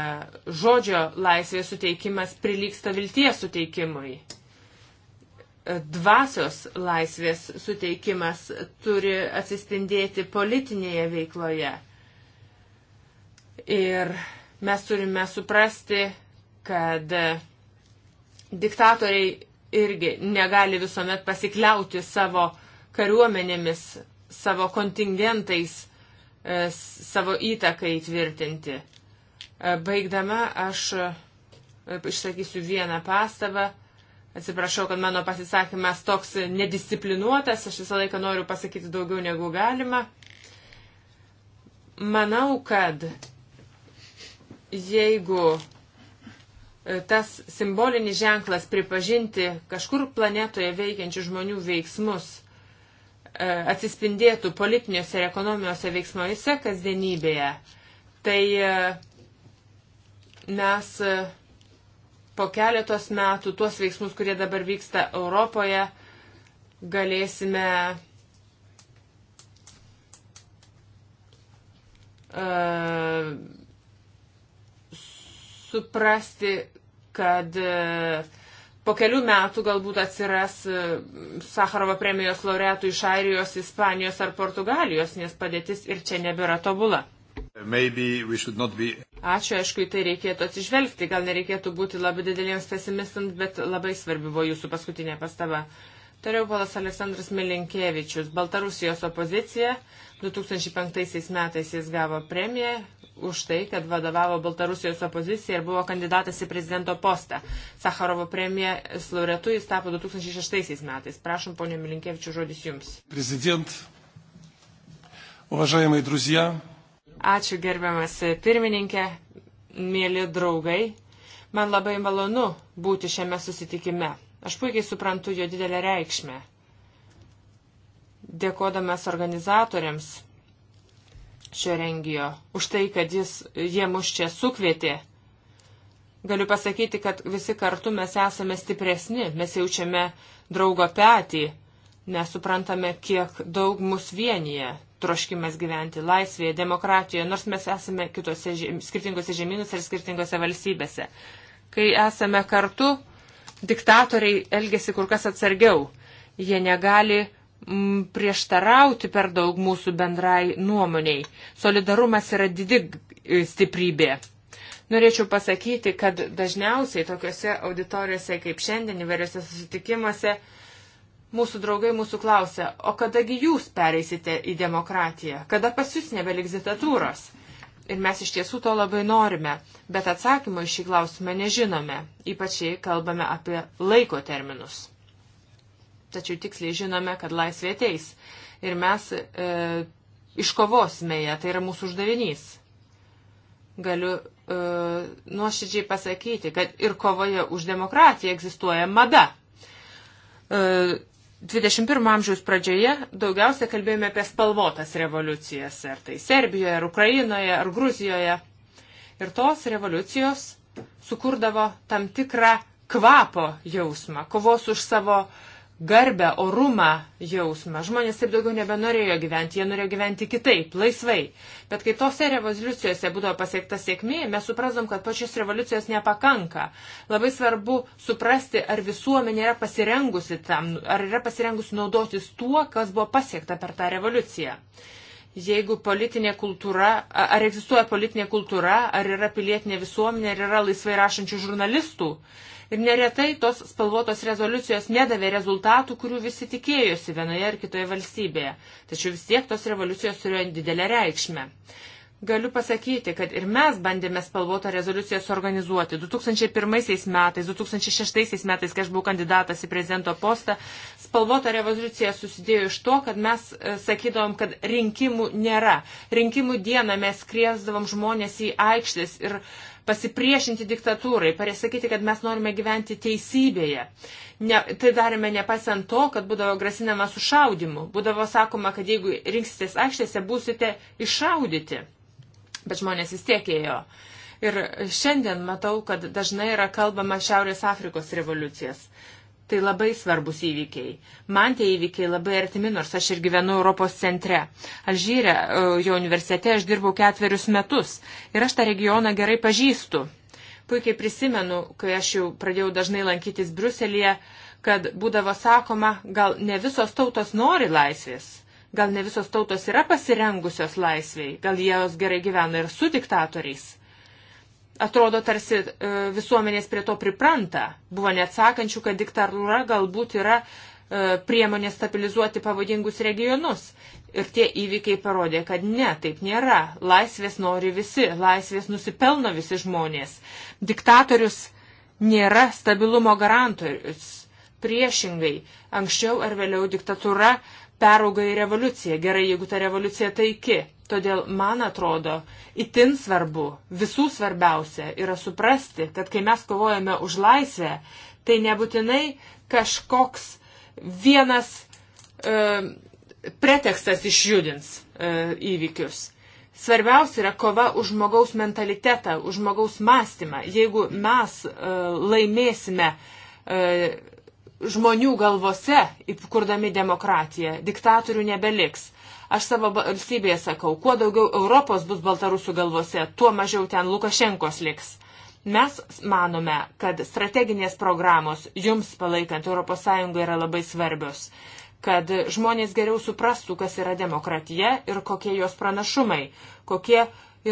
žodžio laisvės suteikimas prilyksta vilties suteikimui. E, dvasios laisvės suteikimas turi atsispindėti politinėje veikloje. Ir mes turime suprasti, kad diktatoriai irgi negali visuomet pasikliauti savo kariuomenėmis, savo kontingentais, e, savo įtakai tvirtinti. E, baigdama aš e, išsakysiu vieną pastabą. Atsiprašau, kad mano pasisakymas toks nedisciplinuotas, aš visą laiką noriu pasakyti daugiau negu galima. Manau, kad jeigu tas simbolinis ženklas pripažinti kažkur planetoje veikiančių žmonių veiksmus E, atsispindėtų politiniuose ir ekonominiuose veiksmuose kasdienybėje, tai e, mes e, po keletos metų tuos veiksmus, kurie dabar vyksta Europoje, galėsime suprasti, kad uh, po kelių metų galbūt atsiras e, Sakarovo premijos laureatų iš Airijos, Ispanijos ar Portugalijos, nes padėtis ir čia nebėra tobula. Be... Ačiū, aišku, į tai reikėtų atsižvelgti, gal nereikėtų būti labai dideliems pesimistams, bet labai svarbi buvo jūsų paskutinė pastaba. Toliau polas Aleksandras Milinkievičius, Baltarusijos opozicija, 2005 metais jis gavo premiją, už tai, kad vadovavo Baltarusijos opozicija ir buvo kandidatas į prezidento postą. Sakarovo premija laureatu jis tapo 2006 metais. Prašom, ponė Milinkievičių, žodis jums. Prezident, uvažiavimai druzija. Ačiū gerbiamas pirmininkė, mėly draugai. Man labai malonu būti šiame susitikime. Aš puikiai suprantu jo didelę reikšmę. Dėkodamas organizatoriams Šerengijo, už tai, kad jis, jie mus čia sukvietė. Galiu pasakyti, kad visi kartu mes esame stipresni, mes jaučiame draugo petį, nesuprantame, kiek daug mus vienyje troškimas gyventi laisvėje, demokratijoje, nors mes esame kitose skirtingose žemynuose ir skirtingose valstybėse. Kai esame kartu, diktatoriai elgesi kur kas atsargiau. Jie negali prieštarauti per daug mūsų bendrai nuomoniai. Solidarumas yra didi e, stiprybė. Norėčiau pasakyti, kad dažniausiai tokiuose auditorijose kaip šiandien įvairiuose susitikimuose mūsų draugai mūsų klausia, o kadagi jūs pereisite į demokratiją, kada pas jūs nebeliks diktatūros? Ir mes iš tiesų to labai norime, bet atsakymo iš šį klausimą nežinome, ypač jei kalbame apie laiko terminus tačiau tiksliai žinome, kad laisvė ateis. Ir mes e, iškovosime ją, tai yra mūsų uždavinys. Galiu e, nuoširdžiai pasakyti, kad ir kovoje už demokratiją egzistuoja mada. E, 21 amžiaus pradžioje daugiausia kalbėjome apie spalvotas revoliucijas, ar tai Serbijoje, ar Ukrainoje, ar Gruzijoje. Ir tos revoliucijos sukurdavo tam tikrą kvapo jausmą, kovos už savo uh, garbę, orumą jausmą. Žmonės taip daugiau nebenorėjo gyventi, jie norėjo gyventi kitaip, laisvai. Bet kai tose revoliucijose būdavo pasiekta sėkmė, mes suprasdom, kad pačios revoliucijos nepakanka. Labai svarbu suprasti, ar visuomenė yra pasirengusi tam, ar yra pasirengusi naudotis tuo, kas buvo pasiekta per tą revoliuciją. Jeigu politinė kultūra, ar egzistuoja politinė kultūra, ar yra pilietinė visuomenė, ar yra laisvai rašančių žurnalistų, uh, Ir neretai tos spalvotos rezoliucijos nedavė rezultatų, kurių visi tikėjosi vienoje ar kitoje valstybėje. Tačiau vis tiek tos revoliucijos turėjo didelę reikšmę. Galiu pasakyti, kad ir mes bandėme spalvotą rezoliuciją suorganizuoti. 2001 metais, 2006 metais, kai aš buvau kandidatas į prezidento postą, spalvota revoliucija susidėjo iš to, kad mes e, sakydavom, kad rinkimų nėra. Rinkimų dieną mes kriesdavom žmonės į aikštės ir uh, pasipriešinti diktatūrai, pasakyti, kad mes norime gyventi teisybėje. Ne, tai darėme nepaisant to, kad būdavo grasinama sušaudimu. Būdavo sakoma, kad jeigu rinksitės aikštėse, būsite iššaudyti. Bet žmonės vis tiek ėjo. Ir šiandien matau, kad dažnai yra kalbama Šiaurės Afrikos revoliucijas tai labai svarbus įvykiai. Man tie įvykiai labai artimi, nors aš ir gyvenu Europos centre. Alžyre, e, jo universitete aš dirbau ketverius metus ir aš tą regioną gerai pažįstu. Puikiai prisimenu, kai aš jau pradėjau dažnai lankytis Bruselėje, kad būdavo sakoma, gal ne visos tautos nori laisvės, gal ne visos tautos yra pasirengusios laisviai, gal jos gerai gyvena ir su diktatoriais atrodo tarsi e, visuomenės prie to pripranta. Buvo neatsakančių, kad diktatūra galbūt yra e, priemonė stabilizuoti pavadingus regionus. Ir tie įvykiai parodė, kad ne, taip nėra. Laisvės nori visi, laisvės nusipelno visi žmonės. Diktatorius nėra stabilumo garantorius. Priešingai, anksčiau ar vėliau diktatūra perauga į revoliuciją. Gerai, jeigu ta revoliucija taiki. Todėl, man atrodo, itin svarbu, visų svarbiausia yra suprasti, kad kai mes kovojame už laisvę, tai nebūtinai kažkoks vienas e, pretekstas išjudins e, įvykius. Svarbiausia yra kova už žmogaus mentalitetą, už žmogaus mąstymą. Jeigu mes e, laimėsime e, žmonių galvose, įkurdami demokratiją, diktatorių nebeliks. Aš savo valstybėje sakau, kuo daugiau Europos bus baltarusų galvose, tuo mažiau ten Lukašenkos liks. Mes manome, kad strateginės programos jums palaikant ES yra labai svarbios, kad žmonės geriau suprastų, kas yra demokratija ir kokie jos pranašumai, kokie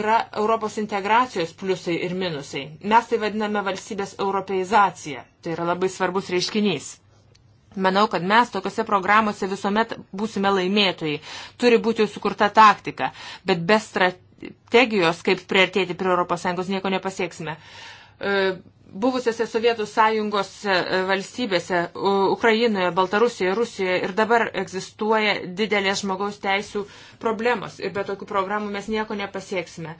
yra Europos integracijos pliusai ir minusai. Mes tai vadiname valstybės europeizacija. Tai yra labai svarbus reiškinys. Manau, kad mes tokiuose programuose visuomet būsime laimėtojai. Turi būti sukurta taktika, bet be strategijos, kaip priartėti prie ES, nieko nepasieksime. E, buvusiose Sovietų sąjungos e, valstybėse, Ukrainoje, Baltarusijoje, Rusijoje ir dabar egzistuoja didelės žmogaus teisų problemos ir be tokių programų mes nieko nepasieksime.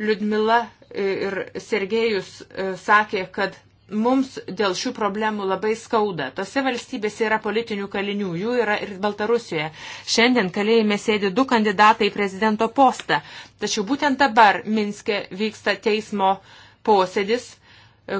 Liudmila e, ir Sergejus sakė, kad mums dėl šių problemų labai skauda. Tose valstybėse yra politinių kalinių, jų yra ir Baltarusijoje. Šiandien kalėjime sėdi du kandidatai į prezidento postą. Tačiau būtent dabar Minske vyksta teismo posėdis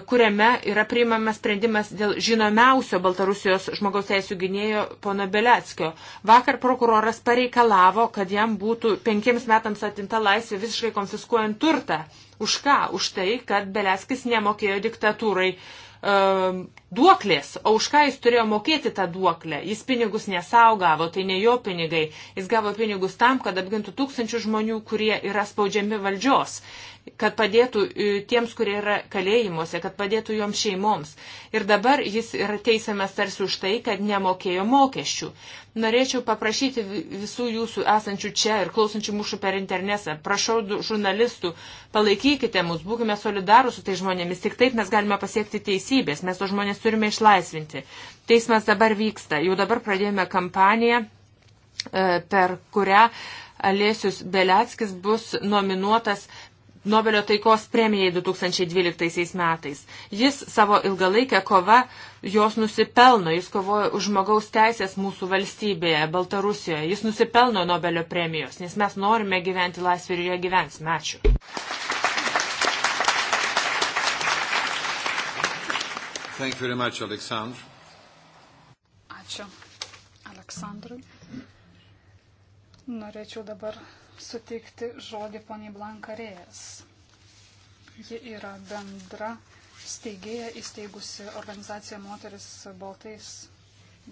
kuriame yra priimamas sprendimas dėl žinomiausio Baltarusijos žmogaus teisų gynėjo pono Beleckio. Vakar prokuroras pareikalavo, kad jam būtų penkiems metams atinta laisvė visiškai konfiskuojant turtą. Už ką? Už tai, kad Beleskis nemokėjo diktatūrai um, duoklės, o už ką jis turėjo mokėti tą duoklę. Jis pinigus nesaugavo, tai ne jo pinigai. Jis gavo pinigus tam, kad apgintų tūkstančių žmonių, kurie yra spaudžiami valdžios, kad padėtų e, tiems, kurie yra kalėjimuose, kad padėtų joms šeimoms. Ir dabar jis yra teisiamas tarsi už tai, kad nemokėjo mokesčių. Norėčiau paprašyti visų jūsų esančių čia ir klausančių mūsų per internetą. Prašau žurnalistų, palaikykite mus, būkime solidarūs su tai žmonėmis. Tik taip mes galime pasiekti teisybės. Mes to žmonės turime išlaisvinti. Teismas dabar vyksta. Jau dabar pradėjome kampaniją, e, per kurią Alėsius Beliackis bus nominuotas Nobelio taikos premijai 2012 metais. Jis savo ilgalaikę kovą jos nusipelno, jis kovojo už žmogaus teisės mūsų valstybėje, Baltarusijoje, jis nusipelno Nobelio premijos, nes mes norime gyventi laisvę ir joje gyvensime. Ačiū. Thank you very much, Aleksandr. Ačiū, Aleksandrui. Norėčiau dabar suteikti žodį poniai Blankarėjas. Ji yra bendra steigėja įsteigusi organizaciją Moteris Baltais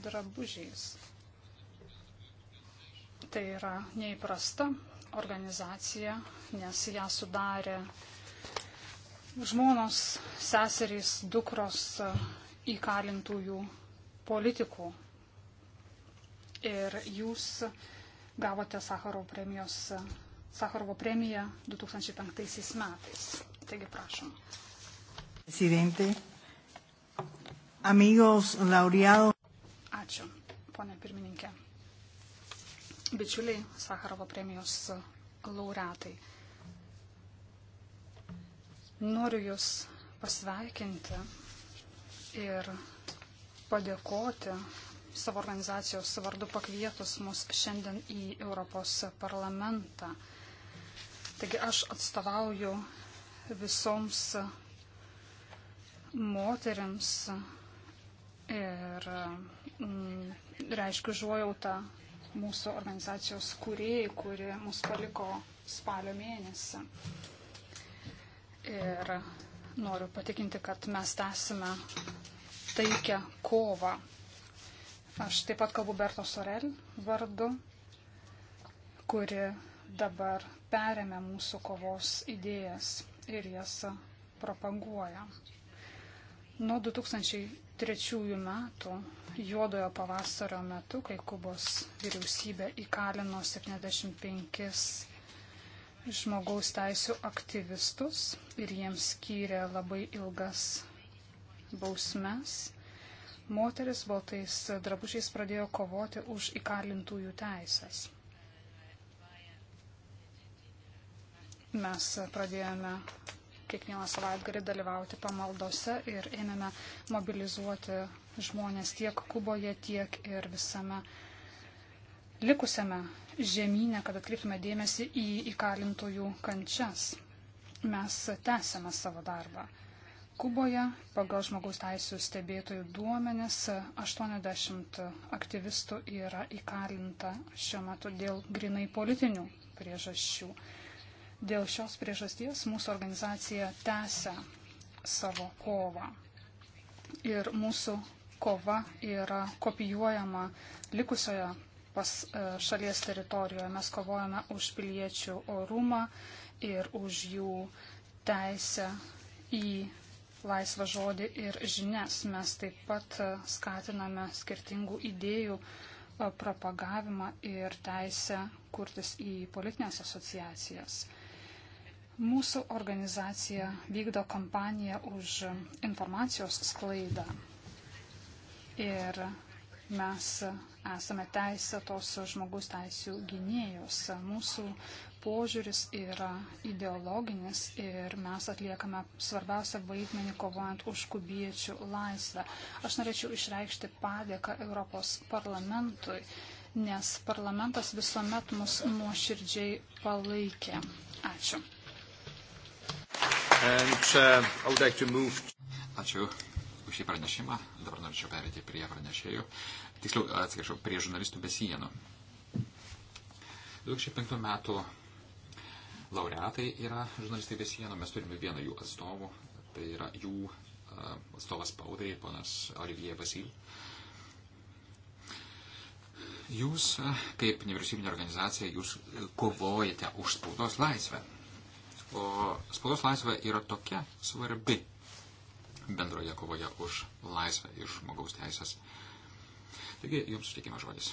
drabužiais. Tai yra neįprasta organizacija, nes ją sudarė žmonos, seserys, dukros įkalintųjų politikų. Ir jūs gavote Sakarovo premijos Sakarovo premiją 2005 metais. Taigi prašom. Presidente, amigos laureados. Ačiū, ponė pirmininkė. Bičiuliai Sakarovo premijos laureatai. Noriu Jūs pasveikinti ir padėkoti savo organizacijos vardu pakvietus mus šiandien į Europos parlamentą. Taigi aš atstovauju visoms moteriams ir mm, reiškiu žuojautą mūsų organizacijos kūrėjai, kuri mus paliko spalio mėnesį ir noriu patikinti, kad mes tęsime taikę kovą. Aš taip pat kalbu Berto Sorel vardu, kuri dabar perėmė mūsų kovos idėjas ir jas propaguoja. Nuo 2003 metų, juodojo pavasario metu, kai Kubos vyriausybė įkalino 75 žmogaus teisų aktyvistus ir jiems skyrė labai ilgas bausmes. Moteris baltais drabužiais pradėjo kovoti už įkalintųjų teisės. Mes pradėjome kiekvieną savaitgalį dalyvauti pamaldose ir ėmėme mobilizuoti žmonės tiek Kuboje, tiek ir visame pasaulyje likusiame žemynę, kad atkreiptume dėmesį į įkalintojų kančias. Mes tęsėme savo darbą. Kuboje pagal žmogaus teisų stebėtojų duomenis 80 aktyvistų yra įkalinta šiuo metu dėl grinai politinių priežasčių. Dėl šios priežasties mūsų organizacija tęsia savo kovą. Ir mūsų kova yra kopijuojama likusioje pas e, šalies teritorijoje. Mes kovojame už piliečių orumą ir už jų teisę į laisvą žodį ir žinias. Mes taip pat e, skatiname skirtingų idėjų e, propagavimą ir teisę kurtis į politinės asociacijas. Mūsų organizacija vykdo kampaniją už informacijos sklaidą ir mes esame teisėtos žmogus teisų gynėjos. Mūsų požiūris yra ideologinis ir mes atliekame svarbiausią vaidmenį kovojant už kubiečių laisvę. Aš norėčiau išreikšti padėką Europos parlamentui, nes parlamentas visuomet mus nuoširdžiai palaikė. Ačiū. And, uh, like to to... Ačiū už šį pranešimą. Dabar norėčiau perėti prie pranešėjų tiksliau, atsiprašau, prie žurnalistų be sienų. 2005 metų laureatai yra žurnalistai be sienų, mes turime vieną jų atstovų, tai yra jų atstovas spaudai, ponas Olivier Vasil. Jūs, kaip nevyriausybinė organizacija, jūs kovojate už spaudos laisvę. O spaudos laisvė yra tokia svarbi bendroje kovoje už laisvę ir žmogaus teisės. Taigi, jums sutikimas žodis.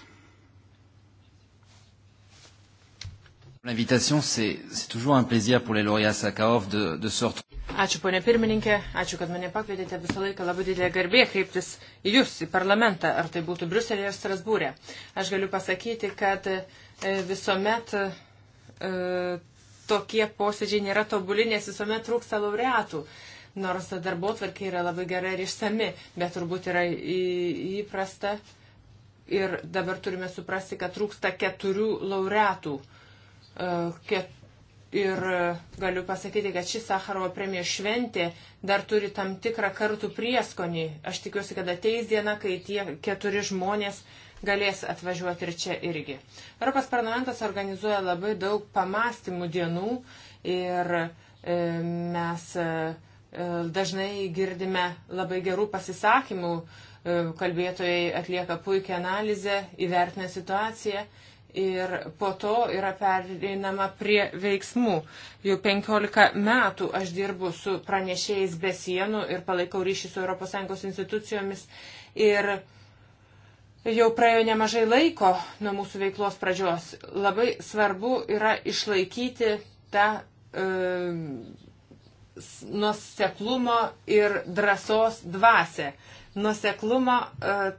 L'invitation, c'est toujours un plaisir pour les lauréats Sakharov de, de se retrouver. Ačiū, ponė pirmininkė, ačiū, kad mane pakvietėte visą laiką labai didelė garbė kreiptis į Jūs, į parlamentą, ar tai būtų Bruselėje ar Strasbūrė. Aš galiu pasakyti, kad e, visuomet e, tokie posėdžiai nėra tobuli, nes visuomet trūksta laureatų. Nors darbo tvarkiai yra labai gera ir išsami, bet turbūt yra įprasta. Į, Ir dabar turime suprasti, kad trūksta keturių laureatų. E, ir e, galiu pasakyti, kad ši Sakarovo premijos šventė dar turi tam tikrą kartų prieskonį. Aš tikiuosi, kad ateis diena, kai tie keturi žmonės galės atvažiuoti ir čia irgi. Europos parlamentas organizuoja labai daug pamastymų dienų ir e, mes dažnai girdime labai gerų pasisakymų E, kalbėtojai atlieka puikią analizę, įvertina situaciją ir po to yra pereinama prie veiksmų. Jau 15 metų aš dirbu su pranešėjais be sienų ir palaikau ryšį su ES institucijomis. Ir jau praėjo nemažai laiko nuo mūsų veiklos pradžios. Labai svarbu yra išlaikyti tą e, nuoseklumo ir drąsos dvasę. E, nuseklumo. E,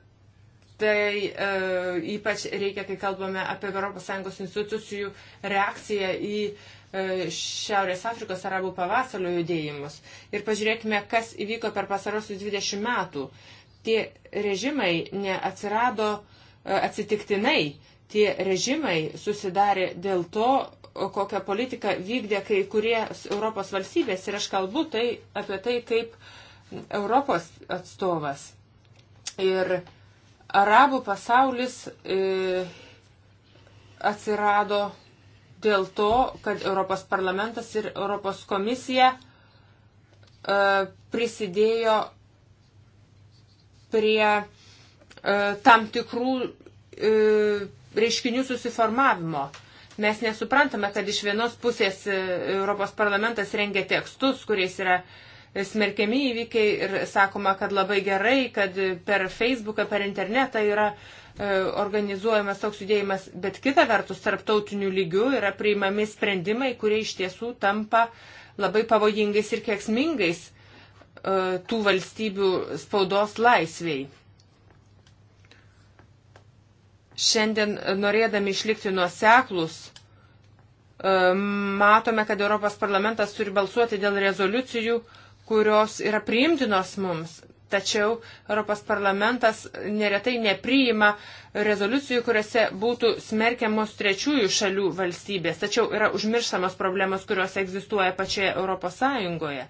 tai e, ypač reikia, kai kalbame apie ES institucijų reakciją į e, Šiaurės Afrikos arabų pavasario judėjimus. Ir pažiūrėkime, kas įvyko per pasarosius 20 metų. Tie režimai neatsirado e, atsitiktinai. Tie režimai susidarė dėl to, kokią politiką vykdė kai kurie Europos valstybės. Ir aš kalbu tai, apie tai, kaip e, Europos atstovas. Ir arabų pasaulis e, atsirado dėl to, kad Europos parlamentas ir Europos komisija e, prisidėjo prie e, tam tikrų e, reiškinių susiformavimo. Mes nesuprantame, kad iš vienos pusės e, Europos parlamentas rengia tekstus, kuriais yra e, smerkiami įvykiai ir sakoma, kad labai gerai, kad per Facebooką, per internetą yra e, organizuojamas toks judėjimas, bet kita vertus, tarptautiniu lygiu yra priimami sprendimai, kurie iš tiesų tampa labai pavojingais ir keksmingais e, tų valstybių spaudos laisviai. Šiandien, e, norėdami išlikti nuoseklus, matome, kad Europos parlamentas turi balsuoti dėl rezoliucijų, kurios yra priimtinos mums. Tačiau Europos parlamentas neretai nepriima rezoliucijų, kuriuose būtų smerkiamos trečiųjų šalių valstybės, tačiau yra užmirštamos problemos, kurios egzistuoja pačioje Europos Sąjungoje.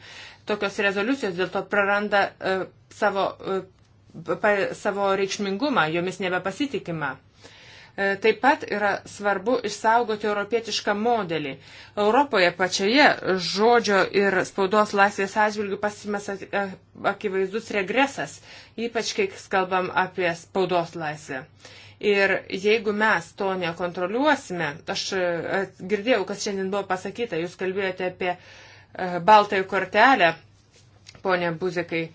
Tokios rezoliucijos dėl to praranda e, savo, e, pa, savo reikšmingumą, jomis nebepasitikima. E, taip pat yra svarbu išsaugoti europietišką modelį. Europoje pačioje žodžio ir spaudos laisvės atžvilgių pasimės e, akivaizdus regresas, ypač kai kalbam apie spaudos laisvę. Ir jeigu mes to nekontroliuosime, aš e, girdėjau, kas šiandien buvo pasakyta, jūs kalbėjote apie baltąją kortelę, ponė Buzikai,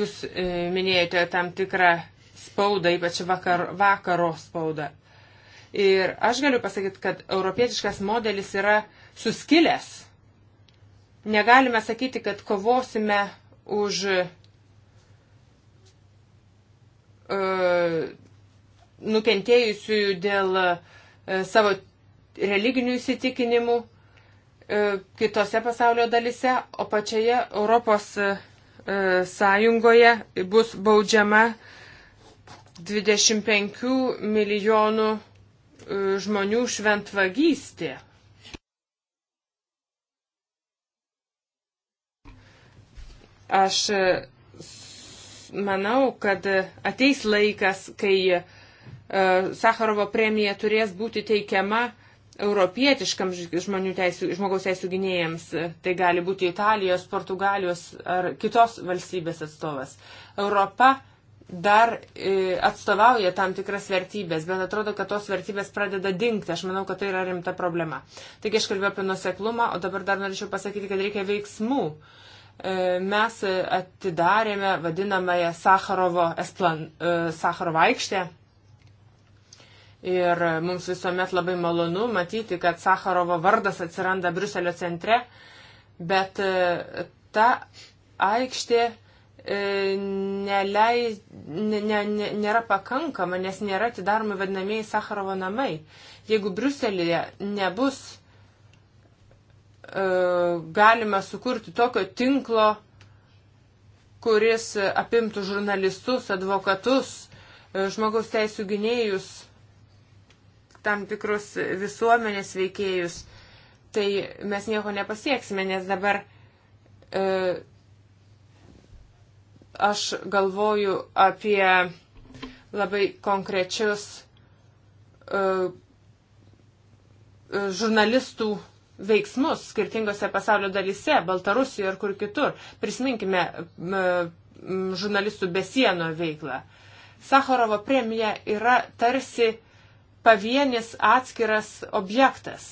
jūs minėjote tam tikrą spaudą, ypač vakar, vakaro spaudą. Ir aš galiu pasakyti, kad europietiškas modelis yra suskilęs. Negalime sakyti, kad kovosime už uh, nukentėjusiųjų dėl uh, savo religinių įsitikinimų uh, kitose pasaulio dalise, o pačioje Europos uh, sąjungoje bus baudžiama uh, 25 milijonų e, žmonių šventvagystė. Aš e, manau, kad ateis laikas, kai e, Sakarovo premija turės būti teikiama europietiškam teisų, žmogaus teisų gynėjams. Tai gali būti Italijos, Portugalijos ar kitos valstybės atstovas. Europa dar e, atstovauja tam tikras vertybės, bet atrodo, kad tos vertybės pradeda dinkti. Aš manau, kad tai yra rimta problema. Taigi aš kalbėjau apie nuseklumą, o dabar dar norėčiau pasakyti, kad reikia veiksmų. E, mes atidarėme vadinamąją Sakarovo, Esplan, e, Sakarovo aikštę. Ir mums visuomet labai malonu matyti, kad Sakarovo vardas atsiranda Bruselio centre, bet e, ta aikštė E, nelei, ne, ne, nėra pakankama, nes nėra atidaromi vadinamieji Sakarovo namai. Jeigu Bruselėje nebus e, galima sukurti tokio tinklo, kuris apimtų žurnalistus, advokatus, e, žmogaus teisų gynėjus, tam tikrus visuomenės veikėjus, tai mes nieko nepasieksime, nes dabar e, aš galvoju apie labai konkrečius uh, žurnalistų veiksmus skirtingose pasaulio dalyse, Baltarusijoje ir kur kitur. Prisiminkime uh, žurnalistų besieno veiklą. Sakharovo premija yra tarsi pavienis atskiras objektas.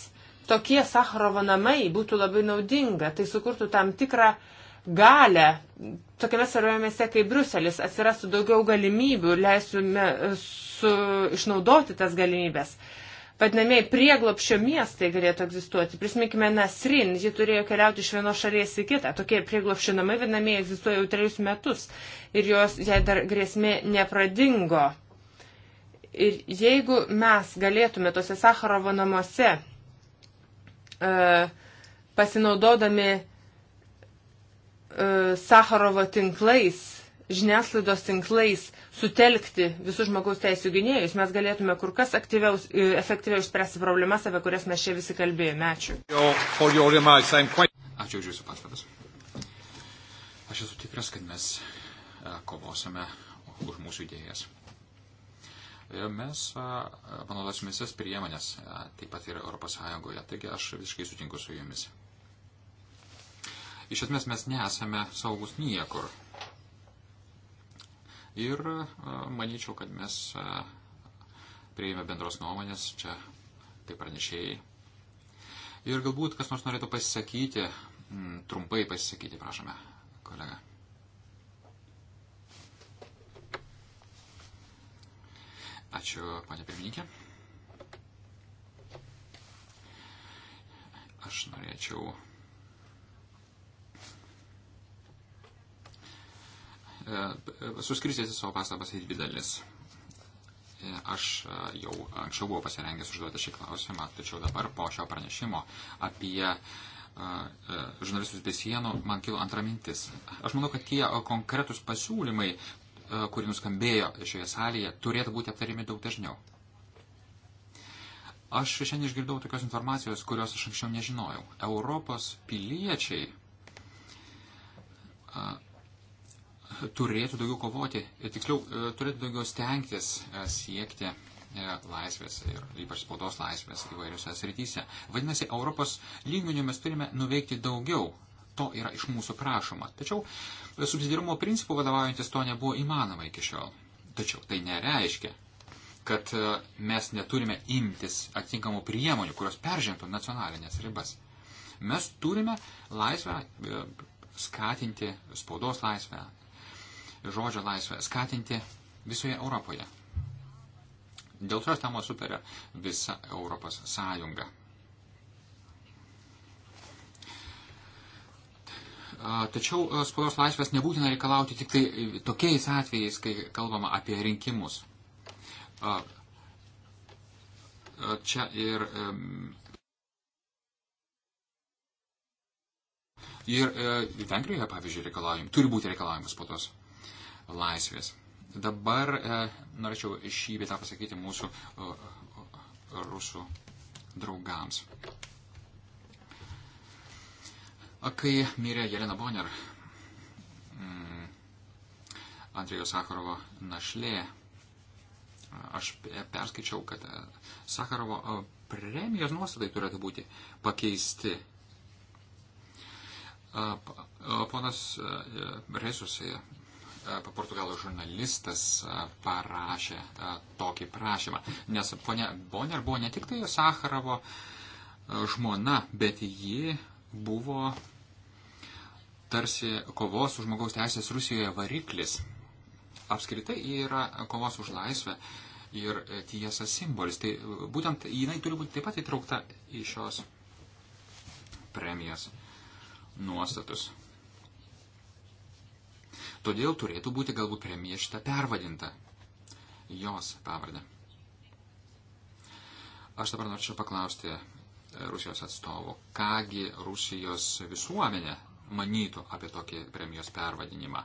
Tokie Sakharovo namai būtų labai naudinga, tai sukurtų tam tikrą uh, galę tokiame svarbiame mieste kaip Bruselis atsirastų daugiau galimybių ir leisime e, su, išnaudoti tas galimybės. Vadinamieji prieglopšio miestai galėtų egzistuoti. Prisiminkime Nasrin, ji turėjo keliauti iš vienos šalies į kitą. Tokie prieglopšio namai vadinamieji egzistuoja jau trejus metus ir jos, jai dar grėsmė nepradingo. Ir jeigu mes galėtume tose Sakarovo namuose uh, pasinaudodami uh, E, Sakarovo tinklais, žiniasklaidos tinklais sutelkti visus žmogaus teisų gynėjus, mes galėtume kur kas aktyviau, e, efektyviau išspręsti problemas, apie kurias mes čia visi kalbėjome. Ačiū. Ačiū už Jūsų pastabas. Aš esu tikras, kad mes e, kovosime už mūsų idėjas. Mes panaudosime visas priemonės, taip pat ir ES. Taigi aš visiškai sutinku su jumis iš esmės mes nesame saugus niekur. Ir e, manyčiau, kad mes e, prieime bendros nuomonės čia, kaip pranešėjai. Ir galbūt kas nors norėtų pasisakyti, trumpai pasisakyti, prašome, kolega. Ačiū, panė pirmininkė. Aš norėčiau E, suskirstėsi savo pastabas į dvi dalis. E, aš e, jau anksčiau buvau pasirengęs užduoti šį klausimą, tačiau dabar po šio pranešimo apie žurnalistus be sienų man kilo antra mintis. Aš manau, kad tie konkretus pasiūlymai, kurie nuskambėjo šioje salėje, turėtų būti aptariami daug dažniau. Aš šiandien išgirdau tokios informacijos, kurios aš anksčiau nežinojau. Europos piliečiai turėtų daugiau kovoti, tiksliau, e, turėtų daugiau stengtis e, siekti e, laisvės ir ypač spaudos laisvės įvairiose srityse. Vadinasi, Europos lygmenių mes turime nuveikti daugiau. To yra iš mūsų prašoma. Tačiau subsidiarumo principų vadovaujantis to nebuvo įmanoma iki šiol. Tačiau tai nereiškia, kad mes neturime imtis atitinkamų priemonių, kurios peržengtų nacionalinės ribas. Mes turime laisvę skatinti spaudos laisvę, žodžio laisvę skatinti visoje Europoje. Dėl to tamo superia visa Europos Sąjunga. Tačiau spaudos laisvės nebūtina reikalauti tik tai tokiais atvejais, kai kalbama apie rinkimus. Čia ir, ir e, Vengrijoje, pavyzdžiui, reikalavimas, turi būti reikalavimas spaudos laisvės. Dabar e, norėčiau šį vietą pasakyti mūsų e, e rusų draugams. Kai mirė Jelena Bonner, mm, Andrėjo Sakarovo našlė, e, aš perskaičiau, kad e, Sakarovo premijos nuostatai turėtų būti pakeisti ponas Resusai Portugalų žurnalistas parašė tokį prašymą. Nes ponia Bonner buvo ne tik tai Sakarovo žmona, bet ji buvo tarsi kovos už žmogaus teisės Rusijoje variklis. Apskritai yra kovos už laisvę ir tiesa simbolis. Tai e, būtent jinai turi būti taip pat įtraukta į šios premijos nuostatus. Todėl turėtų būti galbūt premija šita pervadinta jos pavardė. Aš dabar norėčiau paklausti e, Rusijos atstovų, kągi Rusijos visuomenė manytų apie tokį premijos pervadinimą.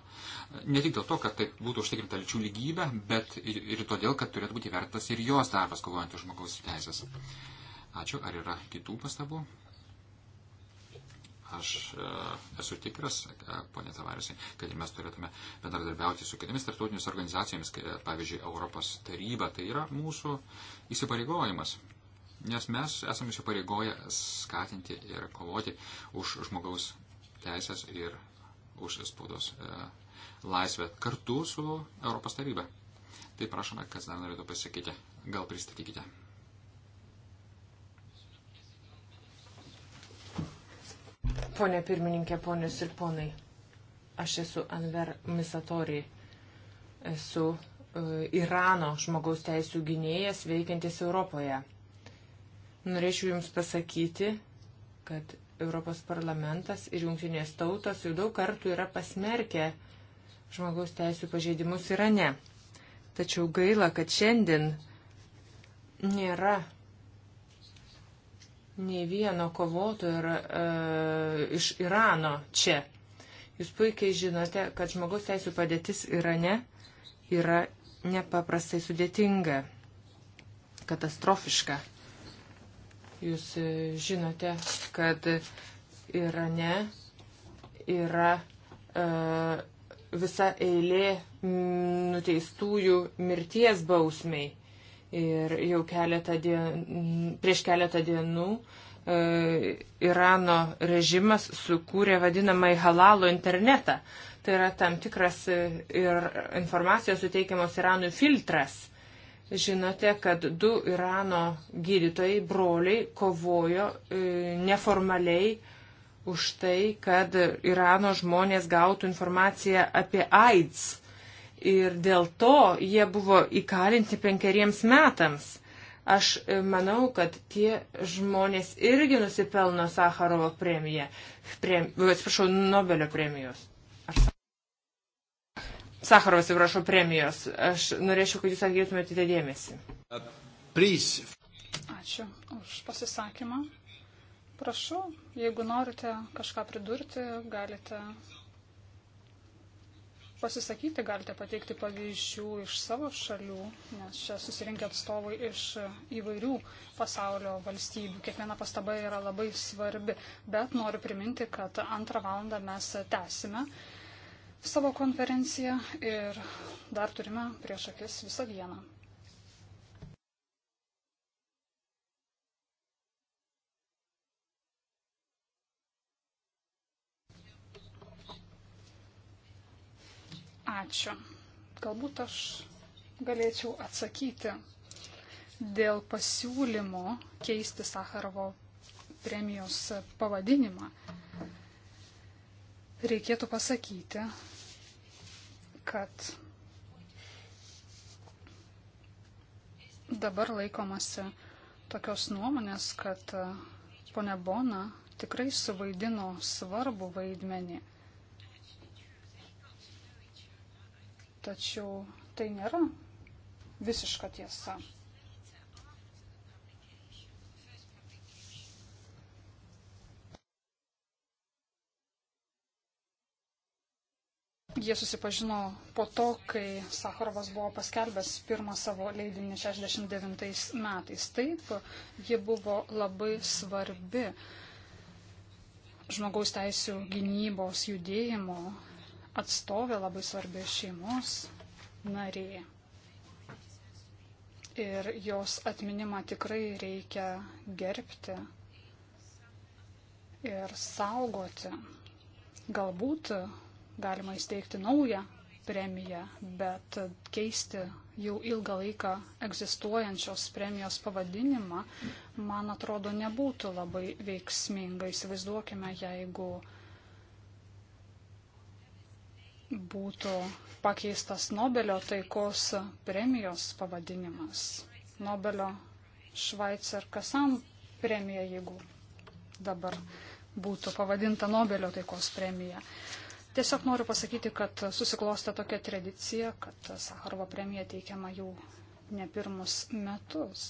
Ne tik dėl to, kad taip būtų užtikrinta lyčių lygybė, bet ir, ir todėl, kad turėtų būti vertas ir jos darbas kovojant už žmogaus teisės. Ačiū. Ar yra kitų pastabų? Aš e, esu tikras, e, ponė Tavarisai, kad mes turėtume bendradarbiauti su kitomis tarptautinėmis organizacijomis, e, pavyzdžiui, Europos taryba. Tai yra mūsų įsipareigojimas. Nes mes esame įsipareigoję skatinti ir kovoti už žmogaus teisės ir už spaudos laisvę kartu su Europos taryba. Tai prašome, kas dar norėtų pasakyti. Gal pristatykite. Pone pirmininkė, ponios ir ponai, aš esu Anver Misatori, esu e, Irano žmogaus teisų gynėjas veikiantis Europoje. Norėčiau Jums pasakyti, kad Europos parlamentas ir jungtinės tautos jau daug kartų yra pasmerkę žmogaus teisų pažeidimus Irane. Tačiau gaila, kad šiandien nėra nei vieno kovotojo ir, e, iš Irano čia. Jūs puikiai žinote, kad žmogaus teisų padėtis Irane yra nepaprastai sudėtinga, katastrofiška. Jūs e, žinote, kad Irane yra e, visa eilė nuteistųjų mirties bausmiai Ir jau keletą dienų, prieš keletą dienų e, Irano režimas sukūrė vadinamąjį halalo internetą. Tai yra tam tikras e, ir informacijos suteikiamos Iranui filtras. Žinote, kad du Irano gydytojai, broliai, kovojo e, neformaliai už tai, kad Irano žmonės gautų informaciją apie AIDS ir dėl to jie buvo įkalinti penkeriems metams. Aš e, manau, kad tie žmonės irgi nusipelno Sakarovo premiją, prem, atsiprašau, Nobelio premijos. Aš... Sakarovas, atsiprašau, premijos. Aš norėčiau, kad jūs atgytumėte į tai dėmesį. Uh, please. Ačiū už pasisakymą. Prašau, jeigu norite kažką pridurti, galite pasisakyti, galite pateikti pavyzdžių iš savo šalių, nes čia susirinkę atstovai iš įvairių pasaulio valstybių. Kiekviena pastaba yra labai svarbi, bet noriu priminti, kad antrą valandą mes tęsime savo konferenciją ir dar turime prieš akis visą dieną. Ačiū. Galbūt aš galėčiau atsakyti dėl pasiūlymo keisti Sakarovo premijos pavadinimą. Reikėtų pasakyti, kad dabar laikomasi tokios nuomonės, kad ponia Bona tikrai suvaidino svarbų vaidmenį Tačiau tai nėra visiška tiesa. Jie susipažino po to, kai Sakarovas buvo paskelbęs pirmą savo leidinį 69 metais. Taip, ji buvo labai svarbi žmogaus teisų gynybos judėjimo atstovė, labai svarbi šeimos narė. Ir jos atminimą tikrai reikia gerbti ir saugoti. Galbūt galima įsteigti naują premiją, bet keisti jau ilgą laiką egzistuojančios premijos pavadinimą, man atrodo, nebūtų labai veiksminga. Įsivaizduokime, jeigu uh, būtų pakeistas Nobelio taikos premijos pavadinimas. Nobelio Švaicer Kasam premija, jeigu dabar būtų pavadinta Nobelio taikos premija. Tiesiog noriu pasakyti, kad susiklostė tokia tradicija, kad Sakarovo premija teikiama jau ne pirmus metus.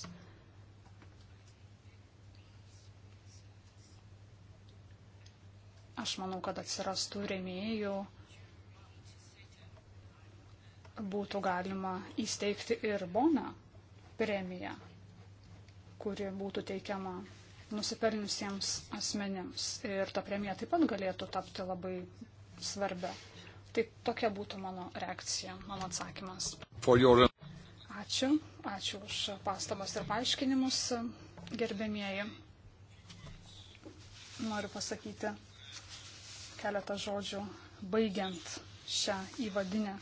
Aš manau, kad atsirastų rėmėjų būtų galima įsteigti ir boną premiją, kuri būtų teikiama nusipelniusiems asmenims. Ir ta premija taip pat galėtų tapti labai svarbia. Tai tokia būtų mano reakcija, mano atsakymas. Your... Ačiū, ačiū už pastabas ir paaiškinimus, gerbėmieji. Noriu pasakyti keletą žodžių, baigiant šią įvadinę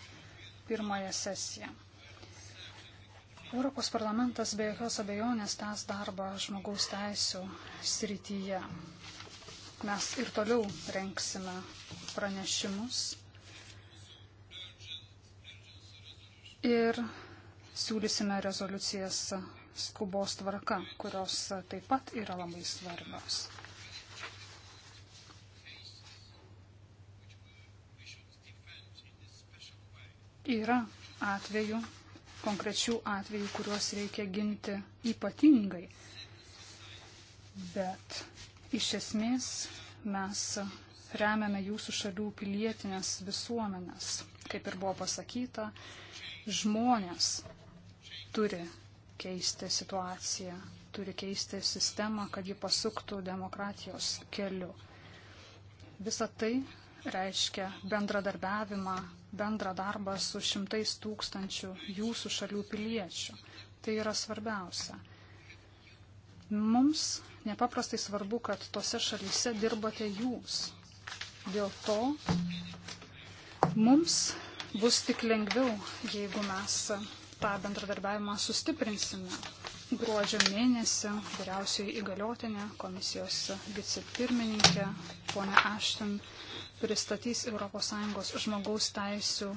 pirmąją sesiją. Europos parlamentas be jokios abejonės tęs darbą žmogaus teisų srityje. Mes ir toliau renksime pranešimus ir siūlysime rezoliucijas skubos tvarka, kurios taip pat yra labai svarbios. Yra atvejų, konkrečių atvejų, kuriuos reikia ginti ypatingai. Bet iš esmės mes remiame jūsų šalių pilietinės visuomenės. Kaip ir buvo pasakyta, žmonės turi keisti situaciją, turi keisti sistemą, kad ji pasuktų demokratijos keliu. Visa tai reiškia bendradarbiavimą bendrą darbą su šimtais tūkstančių jūsų šalių piliečių. Tai yra svarbiausia. Mums nepaprastai svarbu, kad tose šalyse dirbate jūs. Dėl to mums bus tik lengviau, jeigu mes tą bendradarbiavimą sustiprinsime. Gruodžio mėnesį vyriausioji įgaliotinė, komisijos vicepirmininkė, ponė Ašten, pristatys ES žmogaus teisų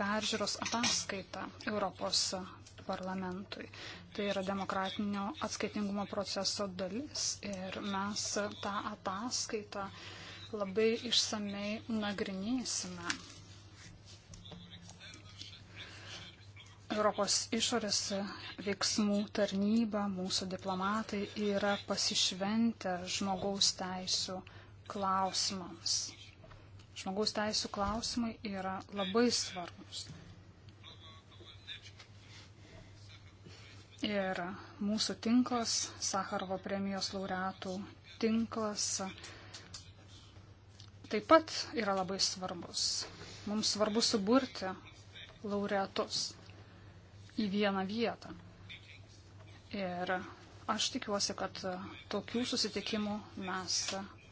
peržiūros ataskaitą Europos parlamentui. Tai yra demokratinio atskaitingumo proceso dalis ir mes tą ataskaitą labai išsamei nagrinėsime. Europos išorės veiksmų tarnyba, mūsų diplomatai yra pasišventę žmogaus teisų klausimams žmogaus teisų klausimai yra labai svarbus. Ir mūsų tinklas, Sakarovo premijos laureatų tinklas, taip pat yra labai svarbus. Mums svarbu suburti laureatus į vieną vietą. Ir aš tikiuosi, kad tokių susitikimų mes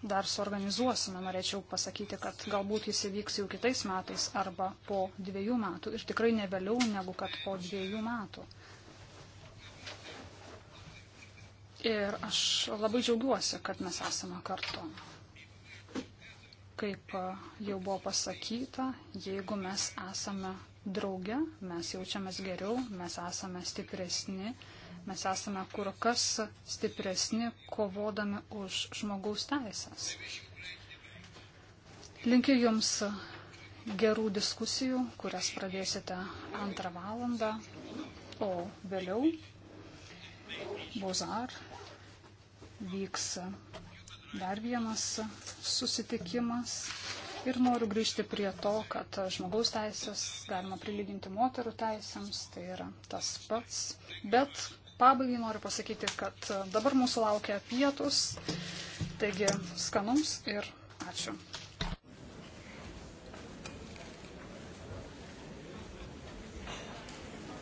dar suorganizuosime. Norėčiau pasakyti, kad galbūt jis įvyks jau kitais metais arba po dviejų metų ir tikrai ne vėliau negu kad po dviejų metų. Ir aš labai džiaugiuosi, kad mes esame kartu. Kaip e, jau buvo pasakyta, jeigu mes esame drauge, mes jaučiamės geriau, mes esame stipresni Mes esame kur kas stipresni kovodami už žmogaus teisės. Linkiu Jums gerų diskusijų, kurias pradėsite antrą valandą, o vėliau Bozar vyks dar vienas susitikimas. Ir noriu grįžti prie to, kad žmogaus teisės galima prilyginti moterų teisėms, tai yra tas pats. Bet Pabaigai noriu pasakyti, kad dabar mūsų laukia pietus, taigi skanaus ir ačiū.